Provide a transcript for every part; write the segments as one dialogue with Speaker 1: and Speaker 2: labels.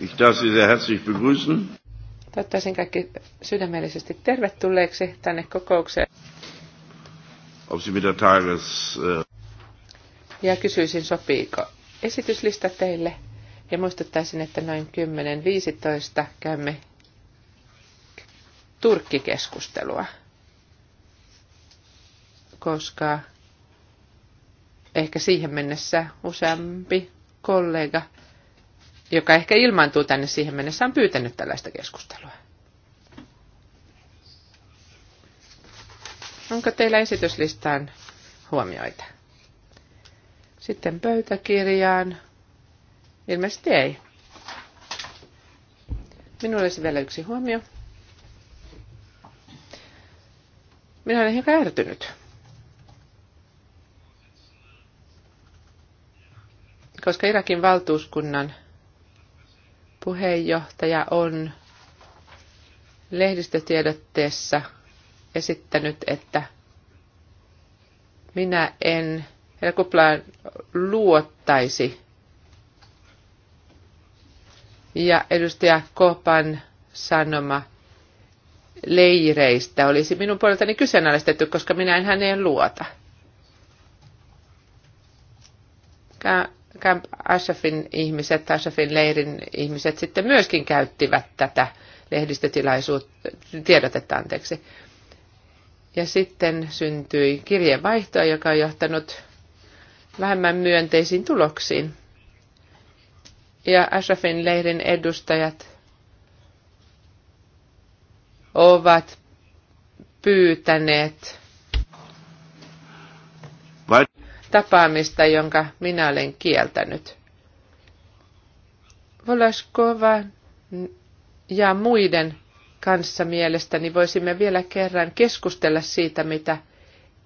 Speaker 1: Ich darf Sie sehr herzlich begrüßen.
Speaker 2: Toivottaisin kaikki sydämellisesti tervetulleeksi tänne kokoukseen.
Speaker 1: Ob Sie mit der Tages, äh,
Speaker 2: Ja kysyisin, sopiiko esityslista teille? Ja muistuttaisin, että noin 10.15 käymme turkkikeskustelua, koska ehkä siihen mennessä useampi kollega, joka ehkä ilmaantuu tänne siihen mennessä, on pyytänyt tällaista keskustelua. Onko teillä esityslistaan huomioita? Sitten pöytäkirjaan. Ilmeisesti ei. Minulla olisi vielä yksi huomio. Minä olen hiukan ärtynyt. koska Irakin valtuuskunnan puheenjohtaja on lehdistötiedotteessa esittänyt, että minä en Kuplaan luottaisi. Ja edustaja Kopan sanoma leireistä olisi minun puoleltani kyseenalaistettu, koska minä en häneen luota. Camp Ashafin ihmiset, Ashafin leirin ihmiset sitten myöskin käyttivät tätä lehdistötilaisuutta, tiedotetta anteeksi. Ja sitten syntyi kirjeenvaihtoa, joka on johtanut vähemmän myönteisiin tuloksiin. Ja Ashrafin leirin edustajat ovat pyytäneet tapaamista, jonka minä olen kieltänyt. Volaskova ja muiden kanssa mielestäni voisimme vielä kerran keskustella siitä, mitä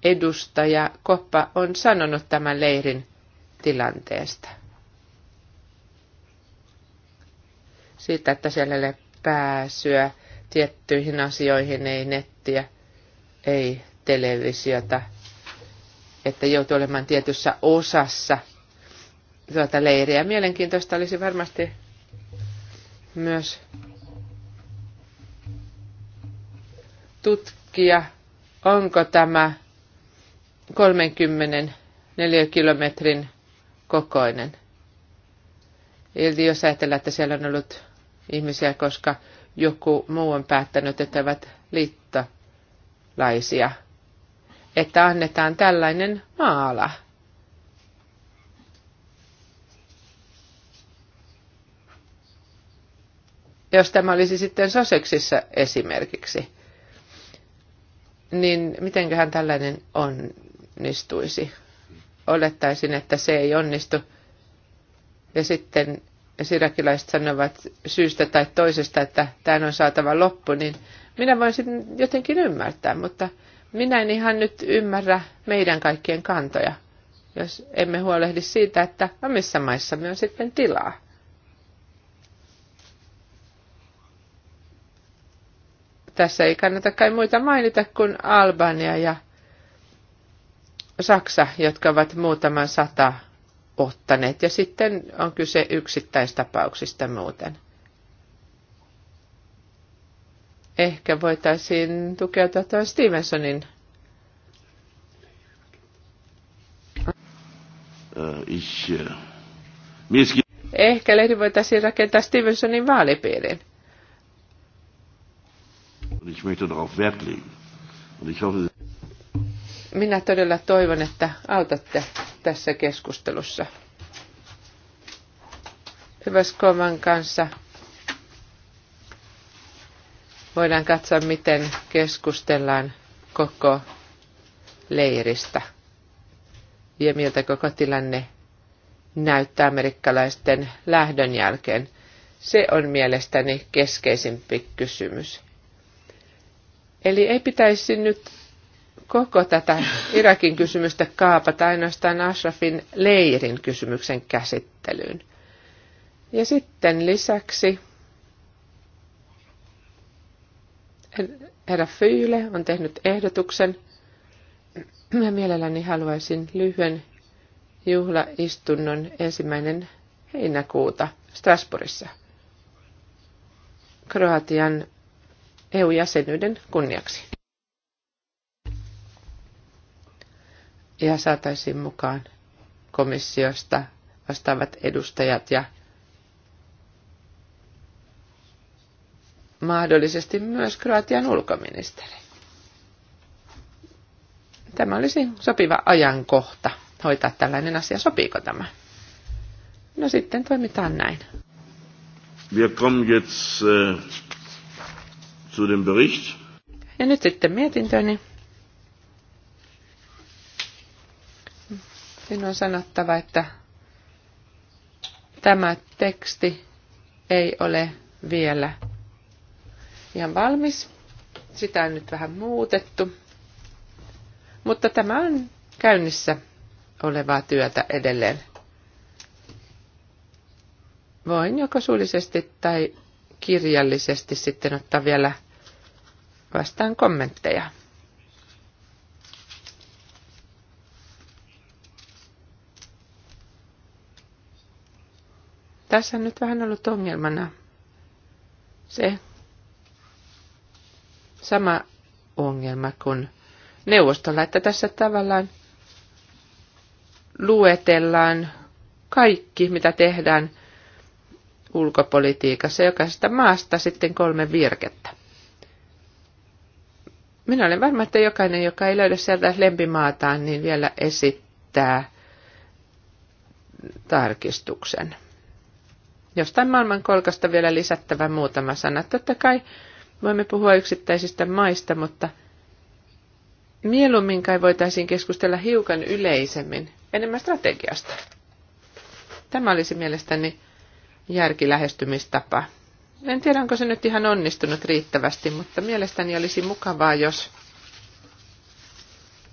Speaker 2: edustaja Koppa on sanonut tämän leirin tilanteesta. Siitä, että siellä ei pääsyä tiettyihin asioihin, ei nettiä, ei televisiota – että joutui olemaan tietyssä osassa tuota leiriä. Mielenkiintoista olisi varmasti myös tutkia, onko tämä 34 kilometrin kokoinen. Eli jos ajatellaan, että siellä on ollut ihmisiä, koska joku muu on päättänyt, että ovat liittolaisia – että annetaan tällainen maala. Jos tämä olisi sitten Soseksissa esimerkiksi, niin mitenköhän tällainen onnistuisi? Olettaisin, että se ei onnistu. Ja sitten sirakilaiset sanovat syystä tai toisesta, että tämä on saatava loppu, niin minä voisin jotenkin ymmärtää, mutta minä en ihan nyt ymmärrä meidän kaikkien kantoja, jos emme huolehdi siitä, että omissa no maissamme on sitten tilaa. Tässä ei kannata kai muita mainita kuin Albania ja Saksa, jotka ovat muutaman sata ottaneet, ja sitten on kyse yksittäistapauksista muuten. Ehkä voitaisiin tukeutua tätä Stevensonin.
Speaker 1: Äh, äh,
Speaker 2: Ehkä lehdi voitaisiin rakentaa Stevensonin vaalipiirin. Minä todella toivon, että autatte tässä keskustelussa. Hyväskoman kanssa voidaan katsoa, miten keskustellaan koko leiristä ja miltä koko tilanne näyttää amerikkalaisten lähdön jälkeen. Se on mielestäni keskeisimpi kysymys. Eli ei pitäisi nyt koko tätä Irakin kysymystä kaapata ainoastaan Ashrafin leirin kysymyksen käsittelyyn. Ja sitten lisäksi herra Fyyle on tehnyt ehdotuksen. Mä mielelläni haluaisin lyhyen juhlaistunnon ensimmäinen heinäkuuta Strasbourgissa. Kroatian EU-jäsenyyden kunniaksi. Ja saataisiin mukaan komissiosta vastaavat edustajat ja mahdollisesti myös Kroatian ulkoministeri. Tämä olisi sopiva ajankohta hoitaa tällainen asia. Sopiiko tämä? No sitten toimitaan näin.
Speaker 1: Wir kommen jetzt äh, zu dem Bericht.
Speaker 2: Ja nyt sitten mietintöni. Sinun on sanottava, että tämä teksti ei ole vielä ihan valmis. Sitä on nyt vähän muutettu. Mutta tämä on käynnissä olevaa työtä edelleen. Voin joko suullisesti tai kirjallisesti sitten ottaa vielä vastaan kommentteja. Tässä on nyt vähän ollut ongelmana se, sama ongelma kuin neuvostolla, että tässä tavallaan luetellaan kaikki, mitä tehdään ulkopolitiikassa, jokaisesta maasta sitten kolme virkettä. Minä olen varma, että jokainen, joka ei löydä sieltä lempimaataan, niin vielä esittää tarkistuksen. Jostain maailmankolkasta vielä lisättävä muutama sana. Totta kai Voimme puhua yksittäisistä maista, mutta mieluummin kai voitaisiin keskustella hiukan yleisemmin, enemmän strategiasta. Tämä olisi mielestäni järkilähestymistapa. En tiedä, onko se nyt ihan onnistunut riittävästi, mutta mielestäni olisi mukavaa, jos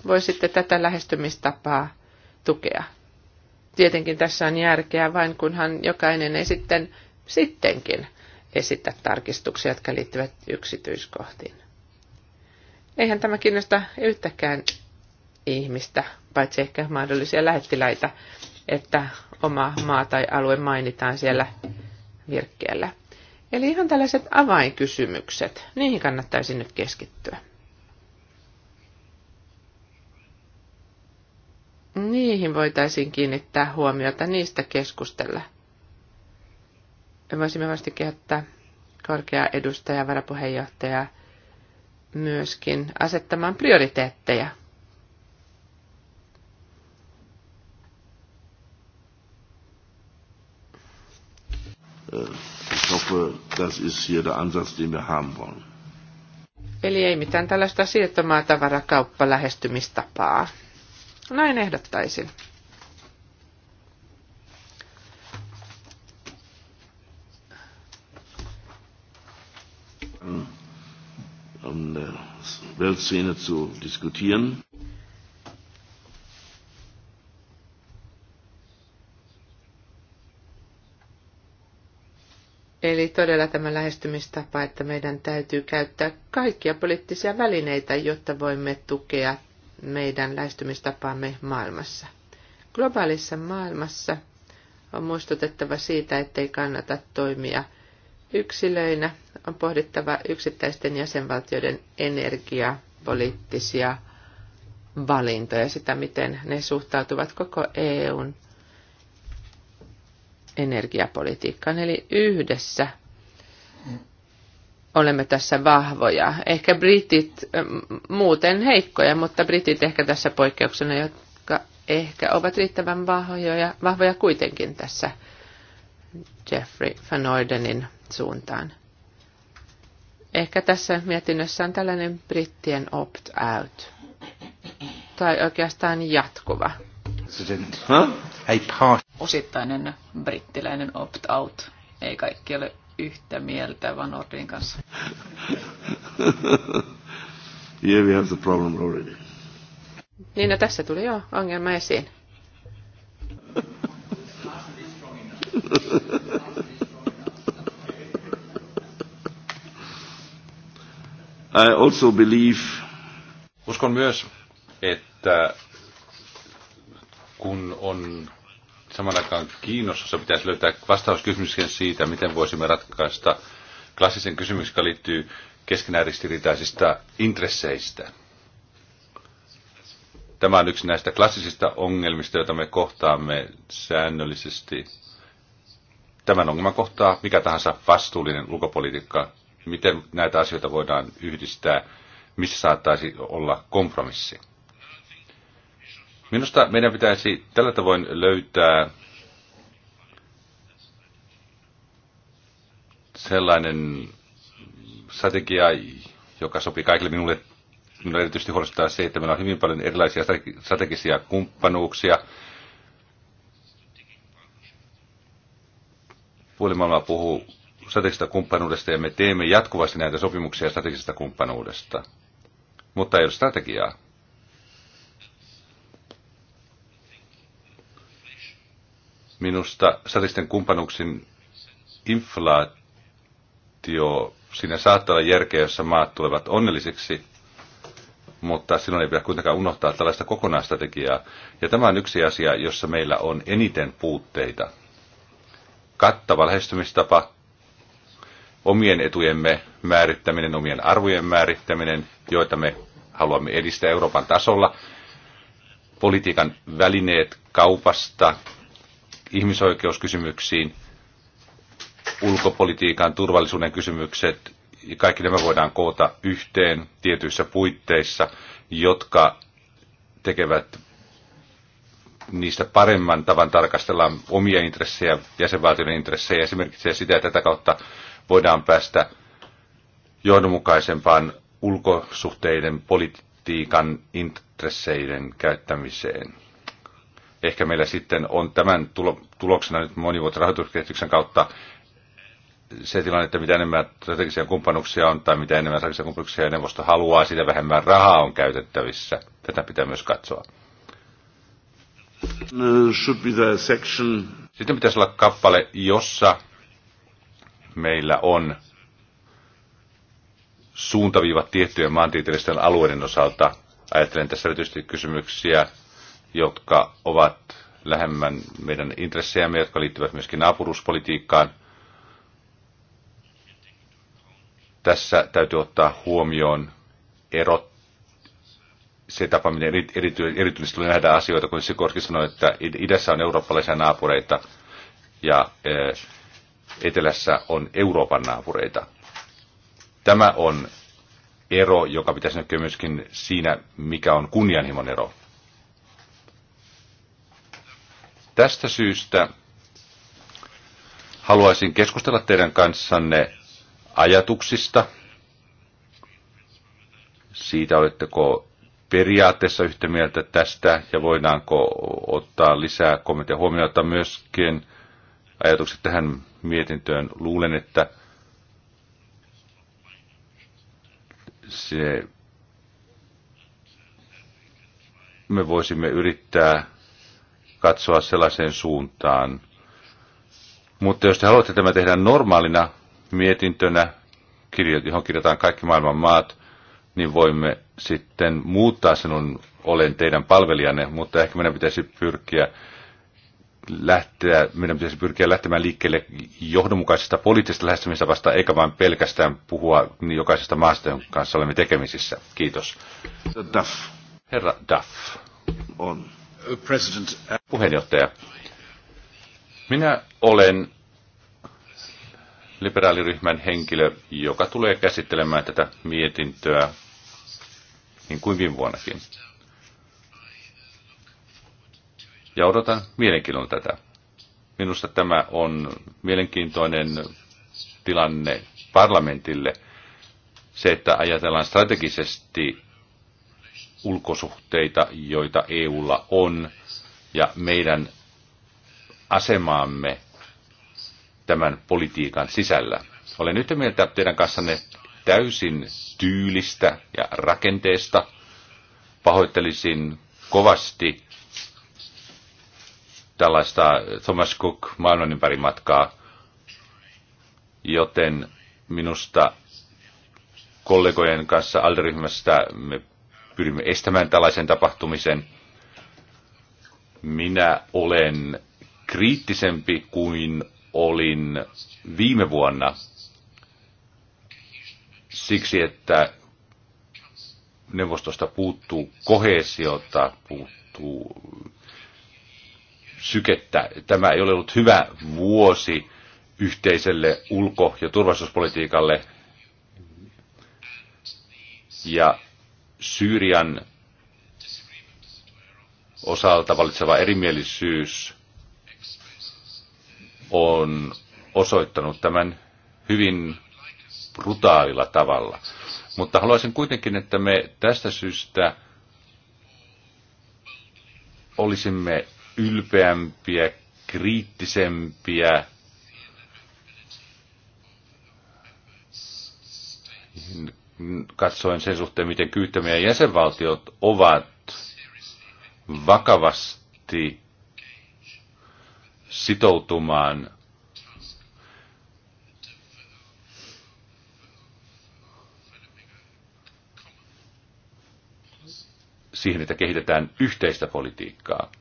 Speaker 2: voisitte tätä lähestymistapaa tukea. Tietenkin tässä on järkeä vain, kunhan jokainen ei sitten sittenkin esittää tarkistuksia, jotka liittyvät yksityiskohtiin. Eihän tämä kiinnosta yhtäkään ihmistä, paitsi ehkä mahdollisia lähettiläitä, että oma maa tai alue mainitaan siellä virkkeellä. Eli ihan tällaiset avainkysymykset, niihin kannattaisi nyt keskittyä. Niihin voitaisiin kiinnittää huomiota, niistä keskustella – voisimme vasti kehottaa korkea edustaja, varapuheenjohtaja myöskin asettamaan prioriteetteja.
Speaker 1: Äh, ich hoffe, das ist hier der Ansatz, den wir haben wollen.
Speaker 2: Eli ei mitään tällaista lähestymistapaa. Näin ehdottaisin. der Weltszene zu diskutieren. Eli todella tämä lähestymistapa, että meidän täytyy käyttää kaikkia poliittisia välineitä, jotta voimme tukea meidän lähestymistapaamme maailmassa. Globaalissa maailmassa on muistutettava siitä, ettei kannata toimia yksilöinä, on pohdittava yksittäisten jäsenvaltioiden energiapoliittisia valintoja, sitä miten ne suhtautuvat koko EUn energiapolitiikkaan. Eli yhdessä olemme tässä vahvoja. Ehkä britit mm, muuten heikkoja, mutta britit ehkä tässä poikkeuksena, jotka ehkä ovat riittävän vahvoja, vahvoja kuitenkin tässä Jeffrey Van Ordenin suuntaan. Ehkä tässä mietinnössä on tällainen brittien opt-out. Tai oikeastaan jatkuva. Osittainen brittiläinen opt-out.
Speaker 3: Ei kaikki ole yhtä mieltä vaan Nordin kanssa.
Speaker 1: yeah, we have the problem already.
Speaker 2: Niin, no tässä tuli jo ongelma esiin.
Speaker 1: I also believe... Uskon myös, että kun on saman aikaan kiinnostusta, pitäisi löytää vastaus kysymykseen siitä, miten voisimme ratkaista klassisen kysymyksen, joka liittyy keskenään ristiriitaisista intresseistä. Tämä on yksi näistä klassisista ongelmista, joita me kohtaamme säännöllisesti. Tämän ongelman kohtaa mikä tahansa vastuullinen ulkopolitiikka miten näitä asioita voidaan yhdistää, missä saattaisi olla kompromissi. Minusta meidän pitäisi tällä tavoin löytää sellainen strategia, joka sopii kaikille minulle. Minulle erityisesti huolestuttaa se, että meillä on hyvin paljon erilaisia strategisia kumppanuuksia. Puolimaailma puhuu strategisesta kumppanuudesta ja me teemme jatkuvasti näitä sopimuksia strategisesta kumppanuudesta. Mutta ei ole strategiaa. Minusta strategisten kumppanuuksien inflaatio, siinä saattaa olla järkeä, jossa maat tulevat onnellisiksi, mutta silloin ei pidä kuitenkaan unohtaa tällaista kokonaistrategiaa. Ja tämä on yksi asia, jossa meillä on eniten puutteita. Kattava lähestymistapa omien etujemme määrittäminen, omien arvojen määrittäminen, joita me haluamme edistää Euroopan tasolla, politiikan välineet kaupasta, ihmisoikeuskysymyksiin, ulkopolitiikan, turvallisuuden kysymykset, kaikki nämä voidaan koota yhteen tietyissä puitteissa, jotka tekevät niistä paremman tavan tarkastella omia intressejä, jäsenvaltioiden intressejä. Ja se sitä, että tätä kautta voidaan päästä johdonmukaisempaan ulkosuhteiden politiikan intresseiden käyttämiseen. Ehkä meillä sitten on tämän tuloksena nyt monivuotisen rahoituskehityksen kautta se tilanne, että mitä enemmän strategisia kumppanuksia on tai mitä enemmän strategisia kumppanuksia neuvosto haluaa, sitä vähemmän rahaa on käytettävissä. Tätä pitää myös katsoa. Sitten pitäisi olla kappale, jossa meillä on suuntaviivat tiettyjen maantieteellisten alueiden osalta. Ajattelen tässä erityisesti kysymyksiä, jotka ovat lähemmän meidän intressejämme, jotka liittyvät myöskin naapuruuspolitiikkaan. Tässä täytyy ottaa huomioon erot se tapa, miten erityisesti tulee nähdä asioita, kun Sikorski sanoi, että idässä on eurooppalaisia naapureita ja eh, etelässä on Euroopan naapureita. Tämä on ero, joka pitäisi näkyä myöskin siinä, mikä on kunnianhimon ero. Tästä syystä haluaisin keskustella teidän kanssanne ajatuksista, siitä oletteko periaatteessa yhtä mieltä tästä ja voidaanko ottaa lisää kommentteja huomioon, myöskin ajatukset tähän mietintöön. Luulen, että se me voisimme yrittää katsoa sellaiseen suuntaan. Mutta jos te haluatte tämä tehdä normaalina mietintönä, johon kirjataan kaikki maailman maat, niin voimme sitten muuttaa sinun olen teidän palvelijanne, mutta ehkä meidän pitäisi pyrkiä lähteä, meidän pitäisi pyrkiä lähtemään liikkeelle johdonmukaisesta poliittisesta lähestymistavasta, eikä vain pelkästään puhua jokaisesta maasta, jonka kanssa olemme tekemisissä. Kiitos. Duff. Herra Duff. On. President. Puheenjohtaja. Minä olen liberaaliryhmän henkilö, joka tulee käsittelemään tätä mietintöä niin kuin viime vuonnakin. Ja odotan mielenkiinnolla tätä. Minusta tämä on mielenkiintoinen tilanne parlamentille. Se, että ajatellaan strategisesti ulkosuhteita, joita EUlla on, ja meidän asemaamme tämän politiikan sisällä. Olen yhtä mieltä teidän kanssanne täysin tyylistä ja rakenteesta. Pahoittelisin kovasti tällaista Thomas Cook maailman ympäri matkaa, joten minusta kollegojen kanssa alderyhmästä me pyrimme estämään tällaisen tapahtumisen. Minä olen kriittisempi kuin olin viime vuonna siksi, että neuvostosta puuttuu kohesiota, puuttuu sykettä. Tämä ei ole ollut hyvä vuosi yhteiselle ulko- ja turvallisuuspolitiikalle. Ja Syyrian osalta valitseva erimielisyys on osoittanut tämän hyvin brutaalilla tavalla. Mutta haluaisin kuitenkin, että me tästä syystä olisimme ylpeämpiä, kriittisempiä, katsoin sen suhteen, miten kyyttämiä jäsenvaltiot ovat vakavasti sitoutumaan siihen, että kehitetään yhteistä politiikkaa.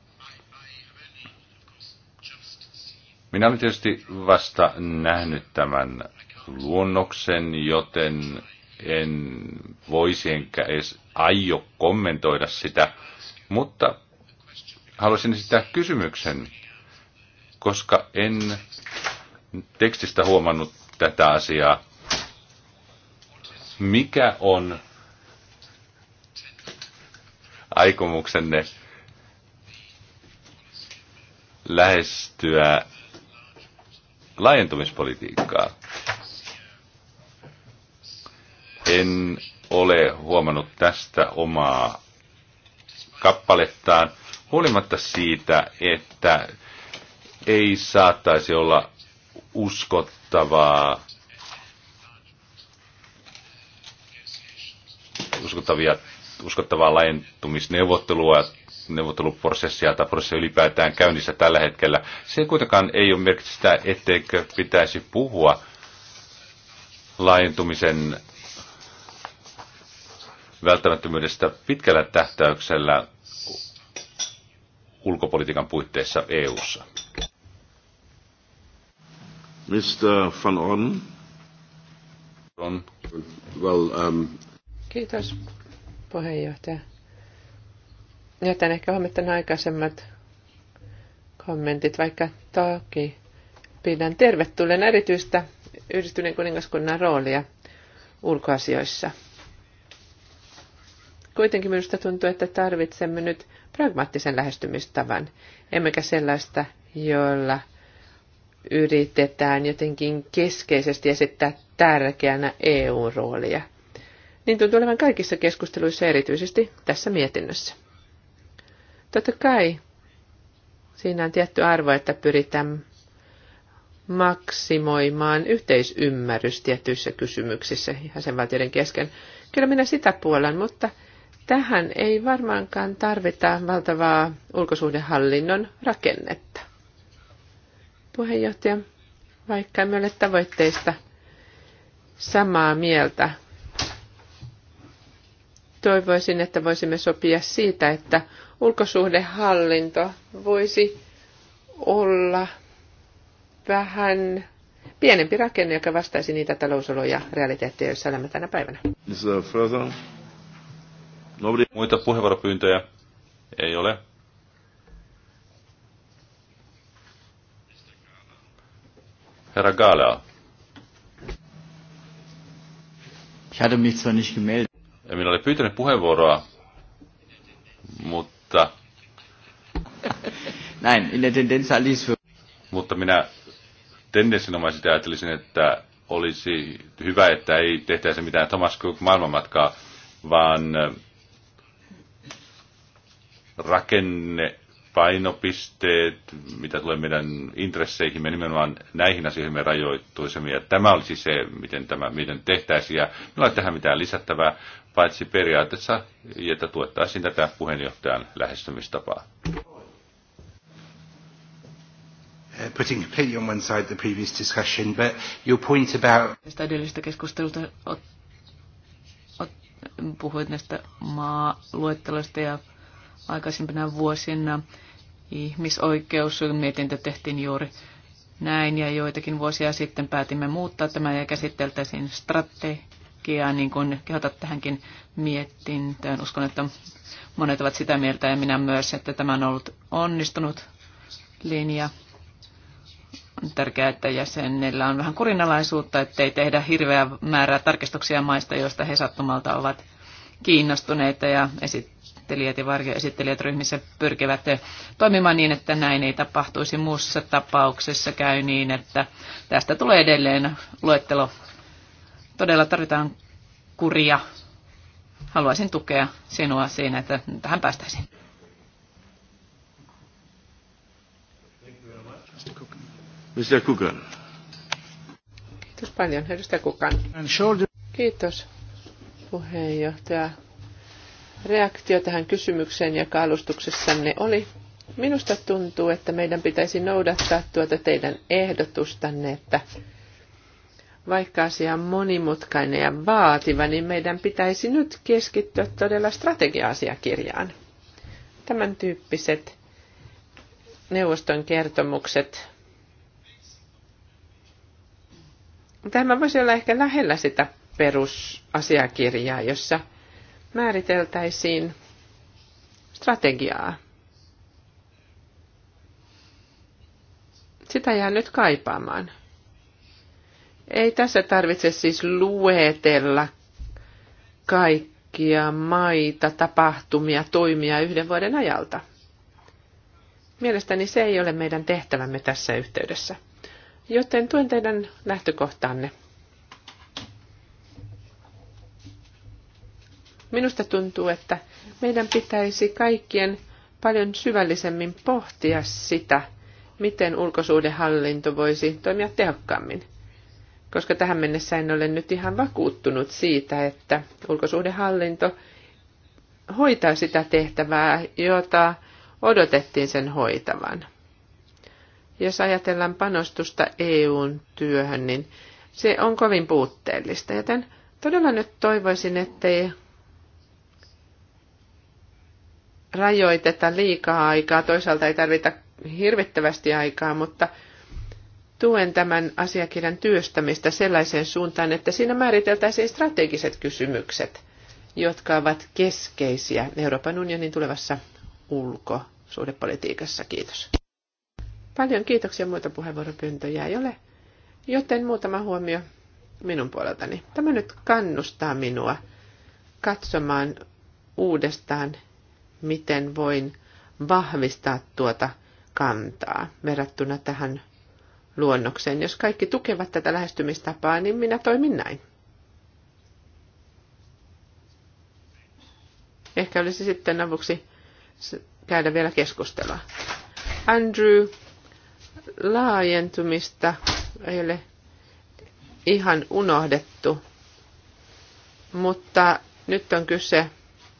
Speaker 1: Minä olen tietysti vasta nähnyt tämän luonnoksen, joten en voisi enkä edes aio kommentoida sitä, mutta haluaisin esittää kysymyksen, koska en tekstistä huomannut tätä asiaa. Mikä on aikomuksenne lähestyä laajentumispolitiikkaa. En ole huomannut tästä omaa kappalettaan, huolimatta siitä, että ei saattaisi olla uskottavaa, uskottavia, uskottavaa laajentumisneuvottelua neuvotteluprosessia tai prosessia ylipäätään käynnissä tällä hetkellä. Se kuitenkaan ei ole merkitystä sitä, etteikö pitäisi puhua laajentumisen välttämättömyydestä pitkällä tähtäyksellä ulkopolitiikan puitteissa EU:ssa. Mr. Van Orden. On. Well, um...
Speaker 2: Kiitos, puheenjohtaja. Joten ehkä huomattuna aikaisemmat kommentit, vaikka toki pidän tervetulleen erityistä yhdistyneen kuningaskunnan roolia ulkoasioissa. Kuitenkin minusta tuntuu, että tarvitsemme nyt pragmaattisen lähestymistavan, emmekä sellaista, jolla yritetään jotenkin keskeisesti esittää tärkeänä EU-roolia. Niin tuntuu olevan kaikissa keskusteluissa, erityisesti tässä mietinnössä. Totta kai siinä on tietty arvo, että pyritään maksimoimaan yhteisymmärrys tietyissä kysymyksissä jäsenvaltioiden kesken. Kyllä minä sitä puolen, mutta tähän ei varmaankaan tarvita valtavaa ulkosuhdehallinnon rakennetta. Puheenjohtaja, vaikka emme ole tavoitteista samaa mieltä, toivoisin, että voisimme sopia siitä, että ulkosuhdehallinto voisi olla vähän pienempi rakenne, joka vastaisi niitä talousoloja ja realiteetteja, joissa elämme tänä päivänä.
Speaker 1: Muita puheenvuoropyyntöjä ei ole. Herra Gala. Ich hatte mich zwar nicht gemeldet. Minä olin pyytänyt puheenvuoroa, mutta mutta... Näin, niin ne tendenz Mutta minä tendenssinomaisesti ajattelisin, että olisi hyvä, että ei tehtäisi mitään Thomas Cook maailmanmatkaa, vaan rakenne painopisteet, mitä tulee meidän intresseihin, me nimenomaan näihin asioihin me rajoittuisimme. Ja tämä olisi se, miten tämä miten tehtäisiin. Ja meillä ei tähän mitään lisättävää, paitsi periaatteessa, että tuettaisiin tätä puheenjohtajan lähestymistapaa. Uh, putting completely on one side the previous discussion, but your point about...
Speaker 3: Tästä edellisestä keskustelusta ot, ot, puhuit näistä maaluetteloista ja aikaisempina vuosina ihmisoikeusmietintö tehtiin juuri näin ja joitakin vuosia sitten päätimme muuttaa tämä ja käsiteltäisiin strategia takia niin kuin kehotat tähänkin mietintöön. Uskon, että monet ovat sitä mieltä ja minä myös, että tämä on ollut onnistunut linja. On tärkeää, että jäsenillä on vähän kurinalaisuutta, ettei tehdä hirveää määrää tarkistuksia maista, joista he sattumalta ovat kiinnostuneita ja esittelijät ja varjoesittelijät ryhmissä pyrkivät toimimaan niin, että näin ei tapahtuisi. Muussa tapauksessa käy niin, että tästä tulee edelleen luettelo Todella tarvitaan kuria. Haluaisin tukea sinua siinä, että tähän päästäisiin.
Speaker 1: Mr. Kukan.
Speaker 2: Kiitos paljon, edustaja Kukan. Kiitos, puheenjohtaja. Reaktio tähän kysymykseen, ja kaalustuksessanne oli. Minusta tuntuu, että meidän pitäisi noudattaa tuota teidän ehdotustanne, että vaikka asia on monimutkainen ja vaativa, niin meidän pitäisi nyt keskittyä todella strategia-asiakirjaan. Tämän tyyppiset neuvoston kertomukset. Tämä voisi olla ehkä lähellä sitä perusasiakirjaa, jossa määriteltäisiin strategiaa. Sitä jää nyt kaipaamaan. Ei tässä tarvitse siis luetella kaikkia maita, tapahtumia, toimia yhden vuoden ajalta. Mielestäni se ei ole meidän tehtävämme tässä yhteydessä. Joten tuen teidän lähtökohtanne. Minusta tuntuu, että meidän pitäisi kaikkien paljon syvällisemmin pohtia sitä, miten ulkosuudenhallinto voisi toimia tehokkaammin koska tähän mennessä en ole nyt ihan vakuuttunut siitä, että ulkosuhdehallinto hoitaa sitä tehtävää, jota odotettiin sen hoitavan. Jos ajatellaan panostusta EUn työhön, niin se on kovin puutteellista, joten todella nyt toivoisin, ettei rajoiteta liikaa aikaa. Toisaalta ei tarvita hirvittävästi aikaa, mutta – tuen tämän asiakirjan työstämistä sellaiseen suuntaan, että siinä määriteltäisiin strategiset kysymykset, jotka ovat keskeisiä Euroopan unionin tulevassa ulkosuhdepolitiikassa. Kiitos. Paljon kiitoksia, muita puheenvuoropyyntöjä ei ole, joten muutama huomio minun puoleltani. Tämä nyt kannustaa minua katsomaan uudestaan, miten voin vahvistaa tuota kantaa verrattuna tähän luonnokseen. Jos kaikki tukevat tätä lähestymistapaa, niin minä toimin näin. Ehkä olisi sitten avuksi käydä vielä keskustelua. Andrew, laajentumista ei ole ihan unohdettu, mutta nyt on kyse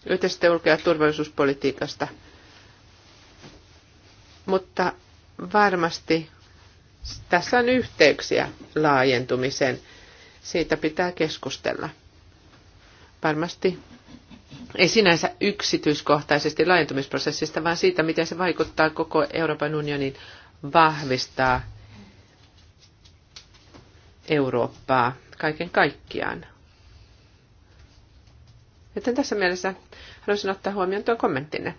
Speaker 2: yhteisestä ulko- ja turvallisuuspolitiikasta. Mutta varmasti tässä on yhteyksiä laajentumisen. Siitä pitää keskustella. Varmasti ei sinänsä yksityiskohtaisesti laajentumisprosessista, vaan siitä, miten se vaikuttaa koko Euroopan unionin vahvistaa Eurooppaa kaiken kaikkiaan. Joten tässä mielessä haluaisin ottaa huomioon tuon kommenttinne.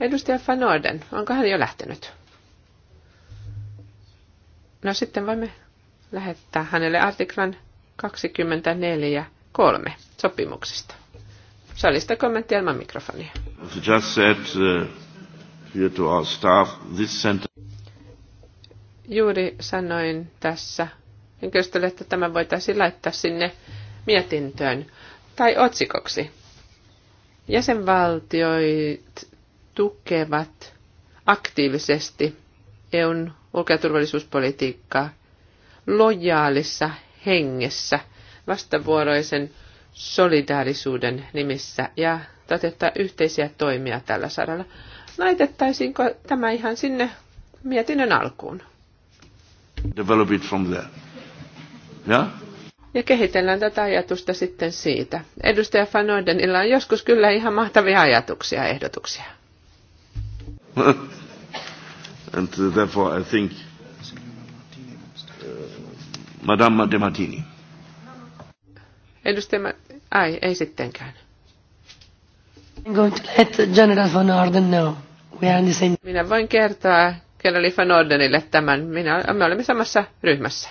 Speaker 2: Edustaja Van Orden, onko hän jo lähtenyt? No sitten voimme lähettää hänelle artiklan 24.3 sopimuksesta. Salista kommentti ilman mikrofonia.
Speaker 1: Just said, uh, here to our staff, this center...
Speaker 2: Juuri sanoin tässä henkilöstölle, että tämä voitaisiin laittaa sinne mietintöön tai otsikoksi. Jäsenvaltioit tukevat aktiivisesti EUn ulko- ja turvallisuuspolitiikkaa lojaalissa hengessä vastavuoroisen solidaarisuuden nimissä ja toteuttaa yhteisiä toimia tällä saralla. Laitettaisiinko tämä ihan sinne mietinnön alkuun?
Speaker 1: Develop it from there. Yeah?
Speaker 2: Ja kehitellään tätä ajatusta sitten siitä. Edustaja Van Ordenilla on joskus kyllä ihan mahtavia ajatuksia ja ehdotuksia.
Speaker 1: And uh, therefore, I think uh, Madame De Martini.
Speaker 2: Edustaja, ai, ei sittenkään. I'm going to let General Van Orden know. We are in the same... Minä voin kertoa kenraali Van Ordenille tämän. Minä, me olemme samassa ryhmässä.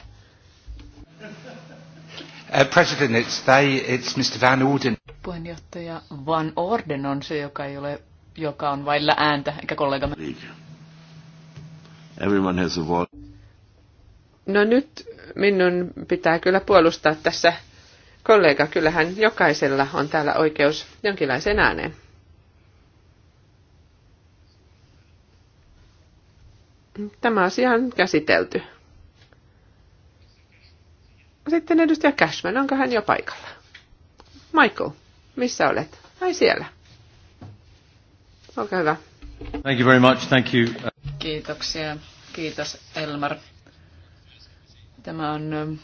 Speaker 2: Uh, President, it's they, it's Mr. Van Orden. Puheenjohtaja
Speaker 3: Van Orden on se, joka, ei ole, joka on vailla ääntä, eikä kollegamme. Liikaa. Everyone has a wall.
Speaker 2: No nyt minun pitää kyllä puolustaa tässä kollega. Kyllähän jokaisella on täällä oikeus jonkinlaiseen ääneen. Tämä asia on käsitelty. Sitten edustaja Cashman, onko hän jo paikalla? Michael, missä olet? Ai siellä. Olkaa hyvä.
Speaker 1: Thank you very much. Thank you. Uh,
Speaker 3: Kiitoksia. Kiitos Elmar. Tämä on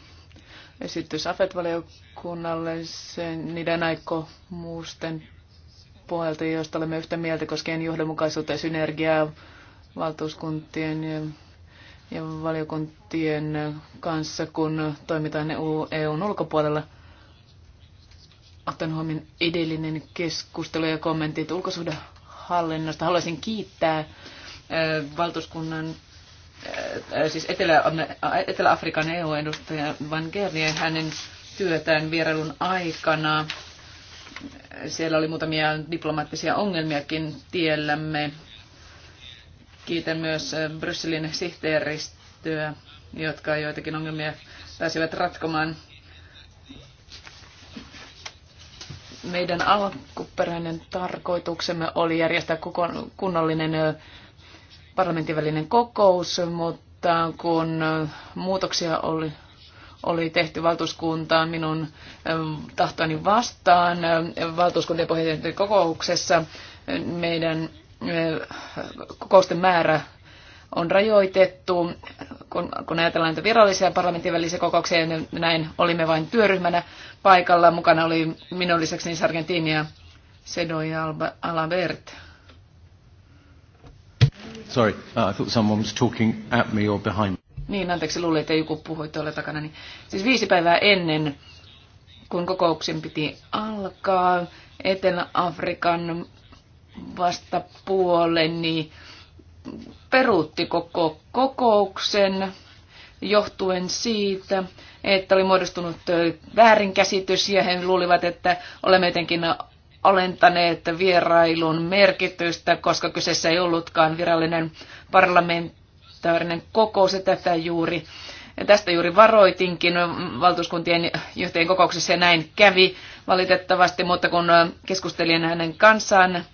Speaker 3: esitys AFET-valiokunnalle sen, niiden aikomuusten pohjalta, joista olemme yhtä mieltä koskien johdonmukaisuutta ja synergiaa valtuuskuntien ja, ja valiokuntien kanssa, kun toimitaan EUn ulkopuolella. Otan huomioon edellinen keskustelu ja kommentit ulkosuhdehallinnosta. Haluaisin kiittää valtuuskunnan siis Etelä-Afrikan EU-edustaja Van Gernie hänen työtään vierailun aikana. Siellä oli muutamia diplomaattisia ongelmiakin tiellämme. Kiitän myös Brysselin sihteeristöä, jotka joitakin ongelmia pääsivät ratkomaan. Meidän alkuperäinen tarkoituksemme oli järjestää kunnollinen parlamentin välinen kokous, mutta kun muutoksia oli, oli tehty valtuuskuntaan minun ähm, tahtoni vastaan äh, valtuuskuntien pohjoisen kokouksessa, meidän äh, kokousten määrä on rajoitettu, kun, kun ajatellaan että virallisia parlamentin välisiä kokouksia, niin näin olimme vain työryhmänä paikalla. Mukana oli minun lisäksi niin Sargentini ja Sedo ja Albert.
Speaker 1: Sorry, uh, I thought someone was talking at me or behind me.
Speaker 3: Niin, anteeksi, luulin, että joku puhui tuolla takana. Niin. Siis viisi päivää ennen, kun kokouksen piti alkaa, Etelä-Afrikan niin peruutti koko kokouksen johtuen siitä, että oli muodostunut väärinkäsitys ja he luulivat, että olemme jotenkin alentaneet vierailun merkitystä, koska kyseessä ei ollutkaan virallinen parlamentaarinen kokous ja tätä juuri. Ja tästä juuri varoitinkin valtuuskuntien johtajien kokouksessa ja näin kävi valitettavasti, mutta kun keskustelin hänen kanssaan,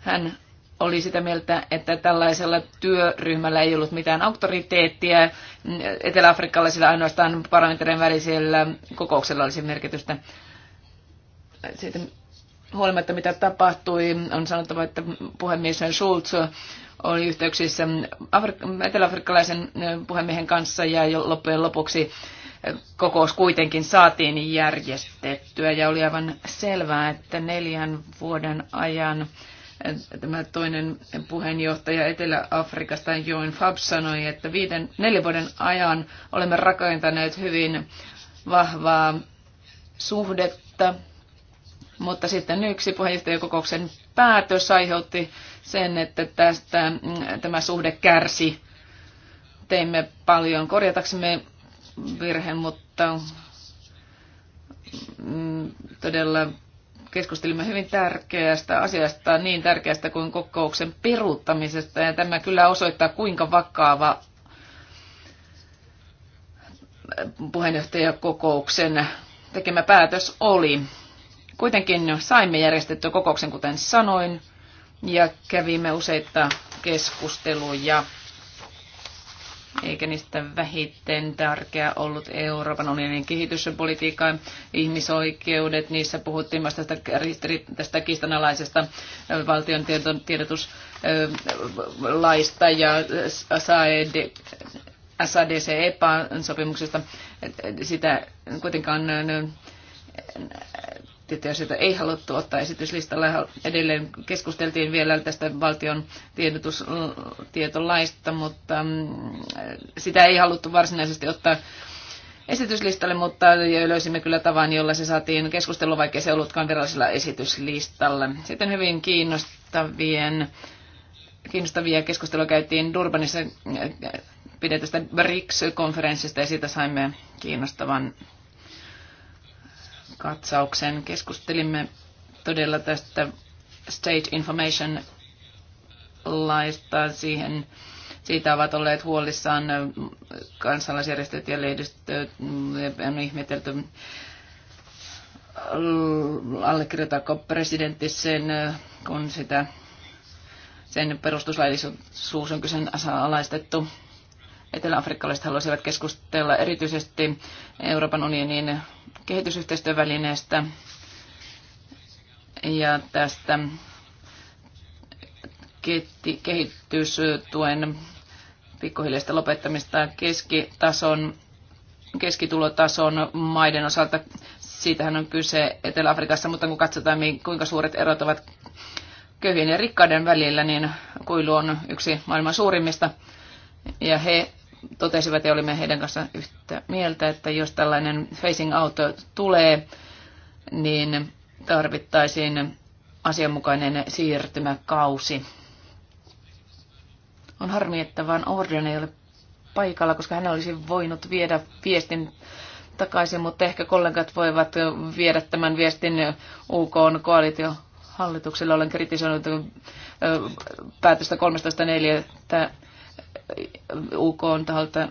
Speaker 3: hän oli sitä mieltä, että tällaisella työryhmällä ei ollut mitään auktoriteettia. Etelä-Afrikkalaisilla ainoastaan parlamentaarien välisellä kokouksella olisi merkitystä. Sitten huolimatta mitä tapahtui, on sanottava, että puhemies Schulz oli yhteyksissä eteläafrikkalaisen puhemiehen kanssa ja loppujen lopuksi kokous kuitenkin saatiin järjestettyä ja oli aivan selvää, että neljän vuoden ajan tämä toinen puheenjohtaja Etelä-Afrikasta, Join Fab, sanoi, että viiden, neljän vuoden ajan olemme rakentaneet hyvin vahvaa suhdetta mutta sitten yksi puheenjohtajakokouksen päätös aiheutti sen, että tästä mm, tämä suhde kärsi. Teimme paljon korjataksemme virheen, mutta mm, todella keskustelimme hyvin tärkeästä asiasta, niin tärkeästä kuin kokouksen peruuttamisesta. Ja tämä kyllä osoittaa, kuinka vakava puheenjohtajakokouksen tekemä päätös oli. Kuitenkin saimme järjestettyä kokouksen, kuten sanoin, ja kävimme useita keskusteluja eikä niistä vähiten tärkeä ollut Euroopan unionin kehityspolitiikan ihmisoikeudet, niissä puhuttiin myös tästä, tästä kiistanalaisesta valtion tiedotuslaista ja SAED, SADC-EPA-sopimuksesta. Sitä kuitenkaan tiettyjä asioita ei haluttu ottaa esityslistalla. Edelleen keskusteltiin vielä tästä valtion tiedotustietolaista, mutta mm, sitä ei haluttu varsinaisesti ottaa esityslistalle, mutta löysimme kyllä tavan, jolla se saatiin keskustelu, vaikka se ollutkaan virallisella esityslistalla. Sitten hyvin kiinnostavien, kiinnostavia keskustelua käytiin Durbanissa äh, äh, pidetystä BRICS-konferenssista ja siitä saimme kiinnostavan katsauksen. Keskustelimme todella tästä State Information laista siihen siitä ovat olleet huolissaan kansalaisjärjestöt ja lehdistöt. On ihmetelty, allekirjoitaako presidentti sen, kun sitä, sen perustuslaillisuus on kyseen alaistettu. Etelä-afrikkalaiset haluaisivat keskustella erityisesti Euroopan unionin kehitysyhteistyövälineestä ja tästä kehitystuen pikkuhiljaista lopettamista keskitason, keskitulotason maiden osalta. Siitähän on kyse Etelä-Afrikassa, mutta kun katsotaan kuinka suuret erot ovat köyhien ja rikkaiden välillä, niin kuilu on yksi maailman suurimmista. Ja he totesivat ja olimme heidän kanssa yhtä mieltä, että jos tällainen facing out tulee, niin tarvittaisiin asianmukainen siirtymäkausi. On harmi, että vaan Orion ei ole paikalla, koska hän olisi voinut viedä viestin takaisin, mutta ehkä kollegat voivat viedä tämän viestin UK koalitio hallitukselle. Olen kritisoinut päätöstä 13.4. UK on taholta,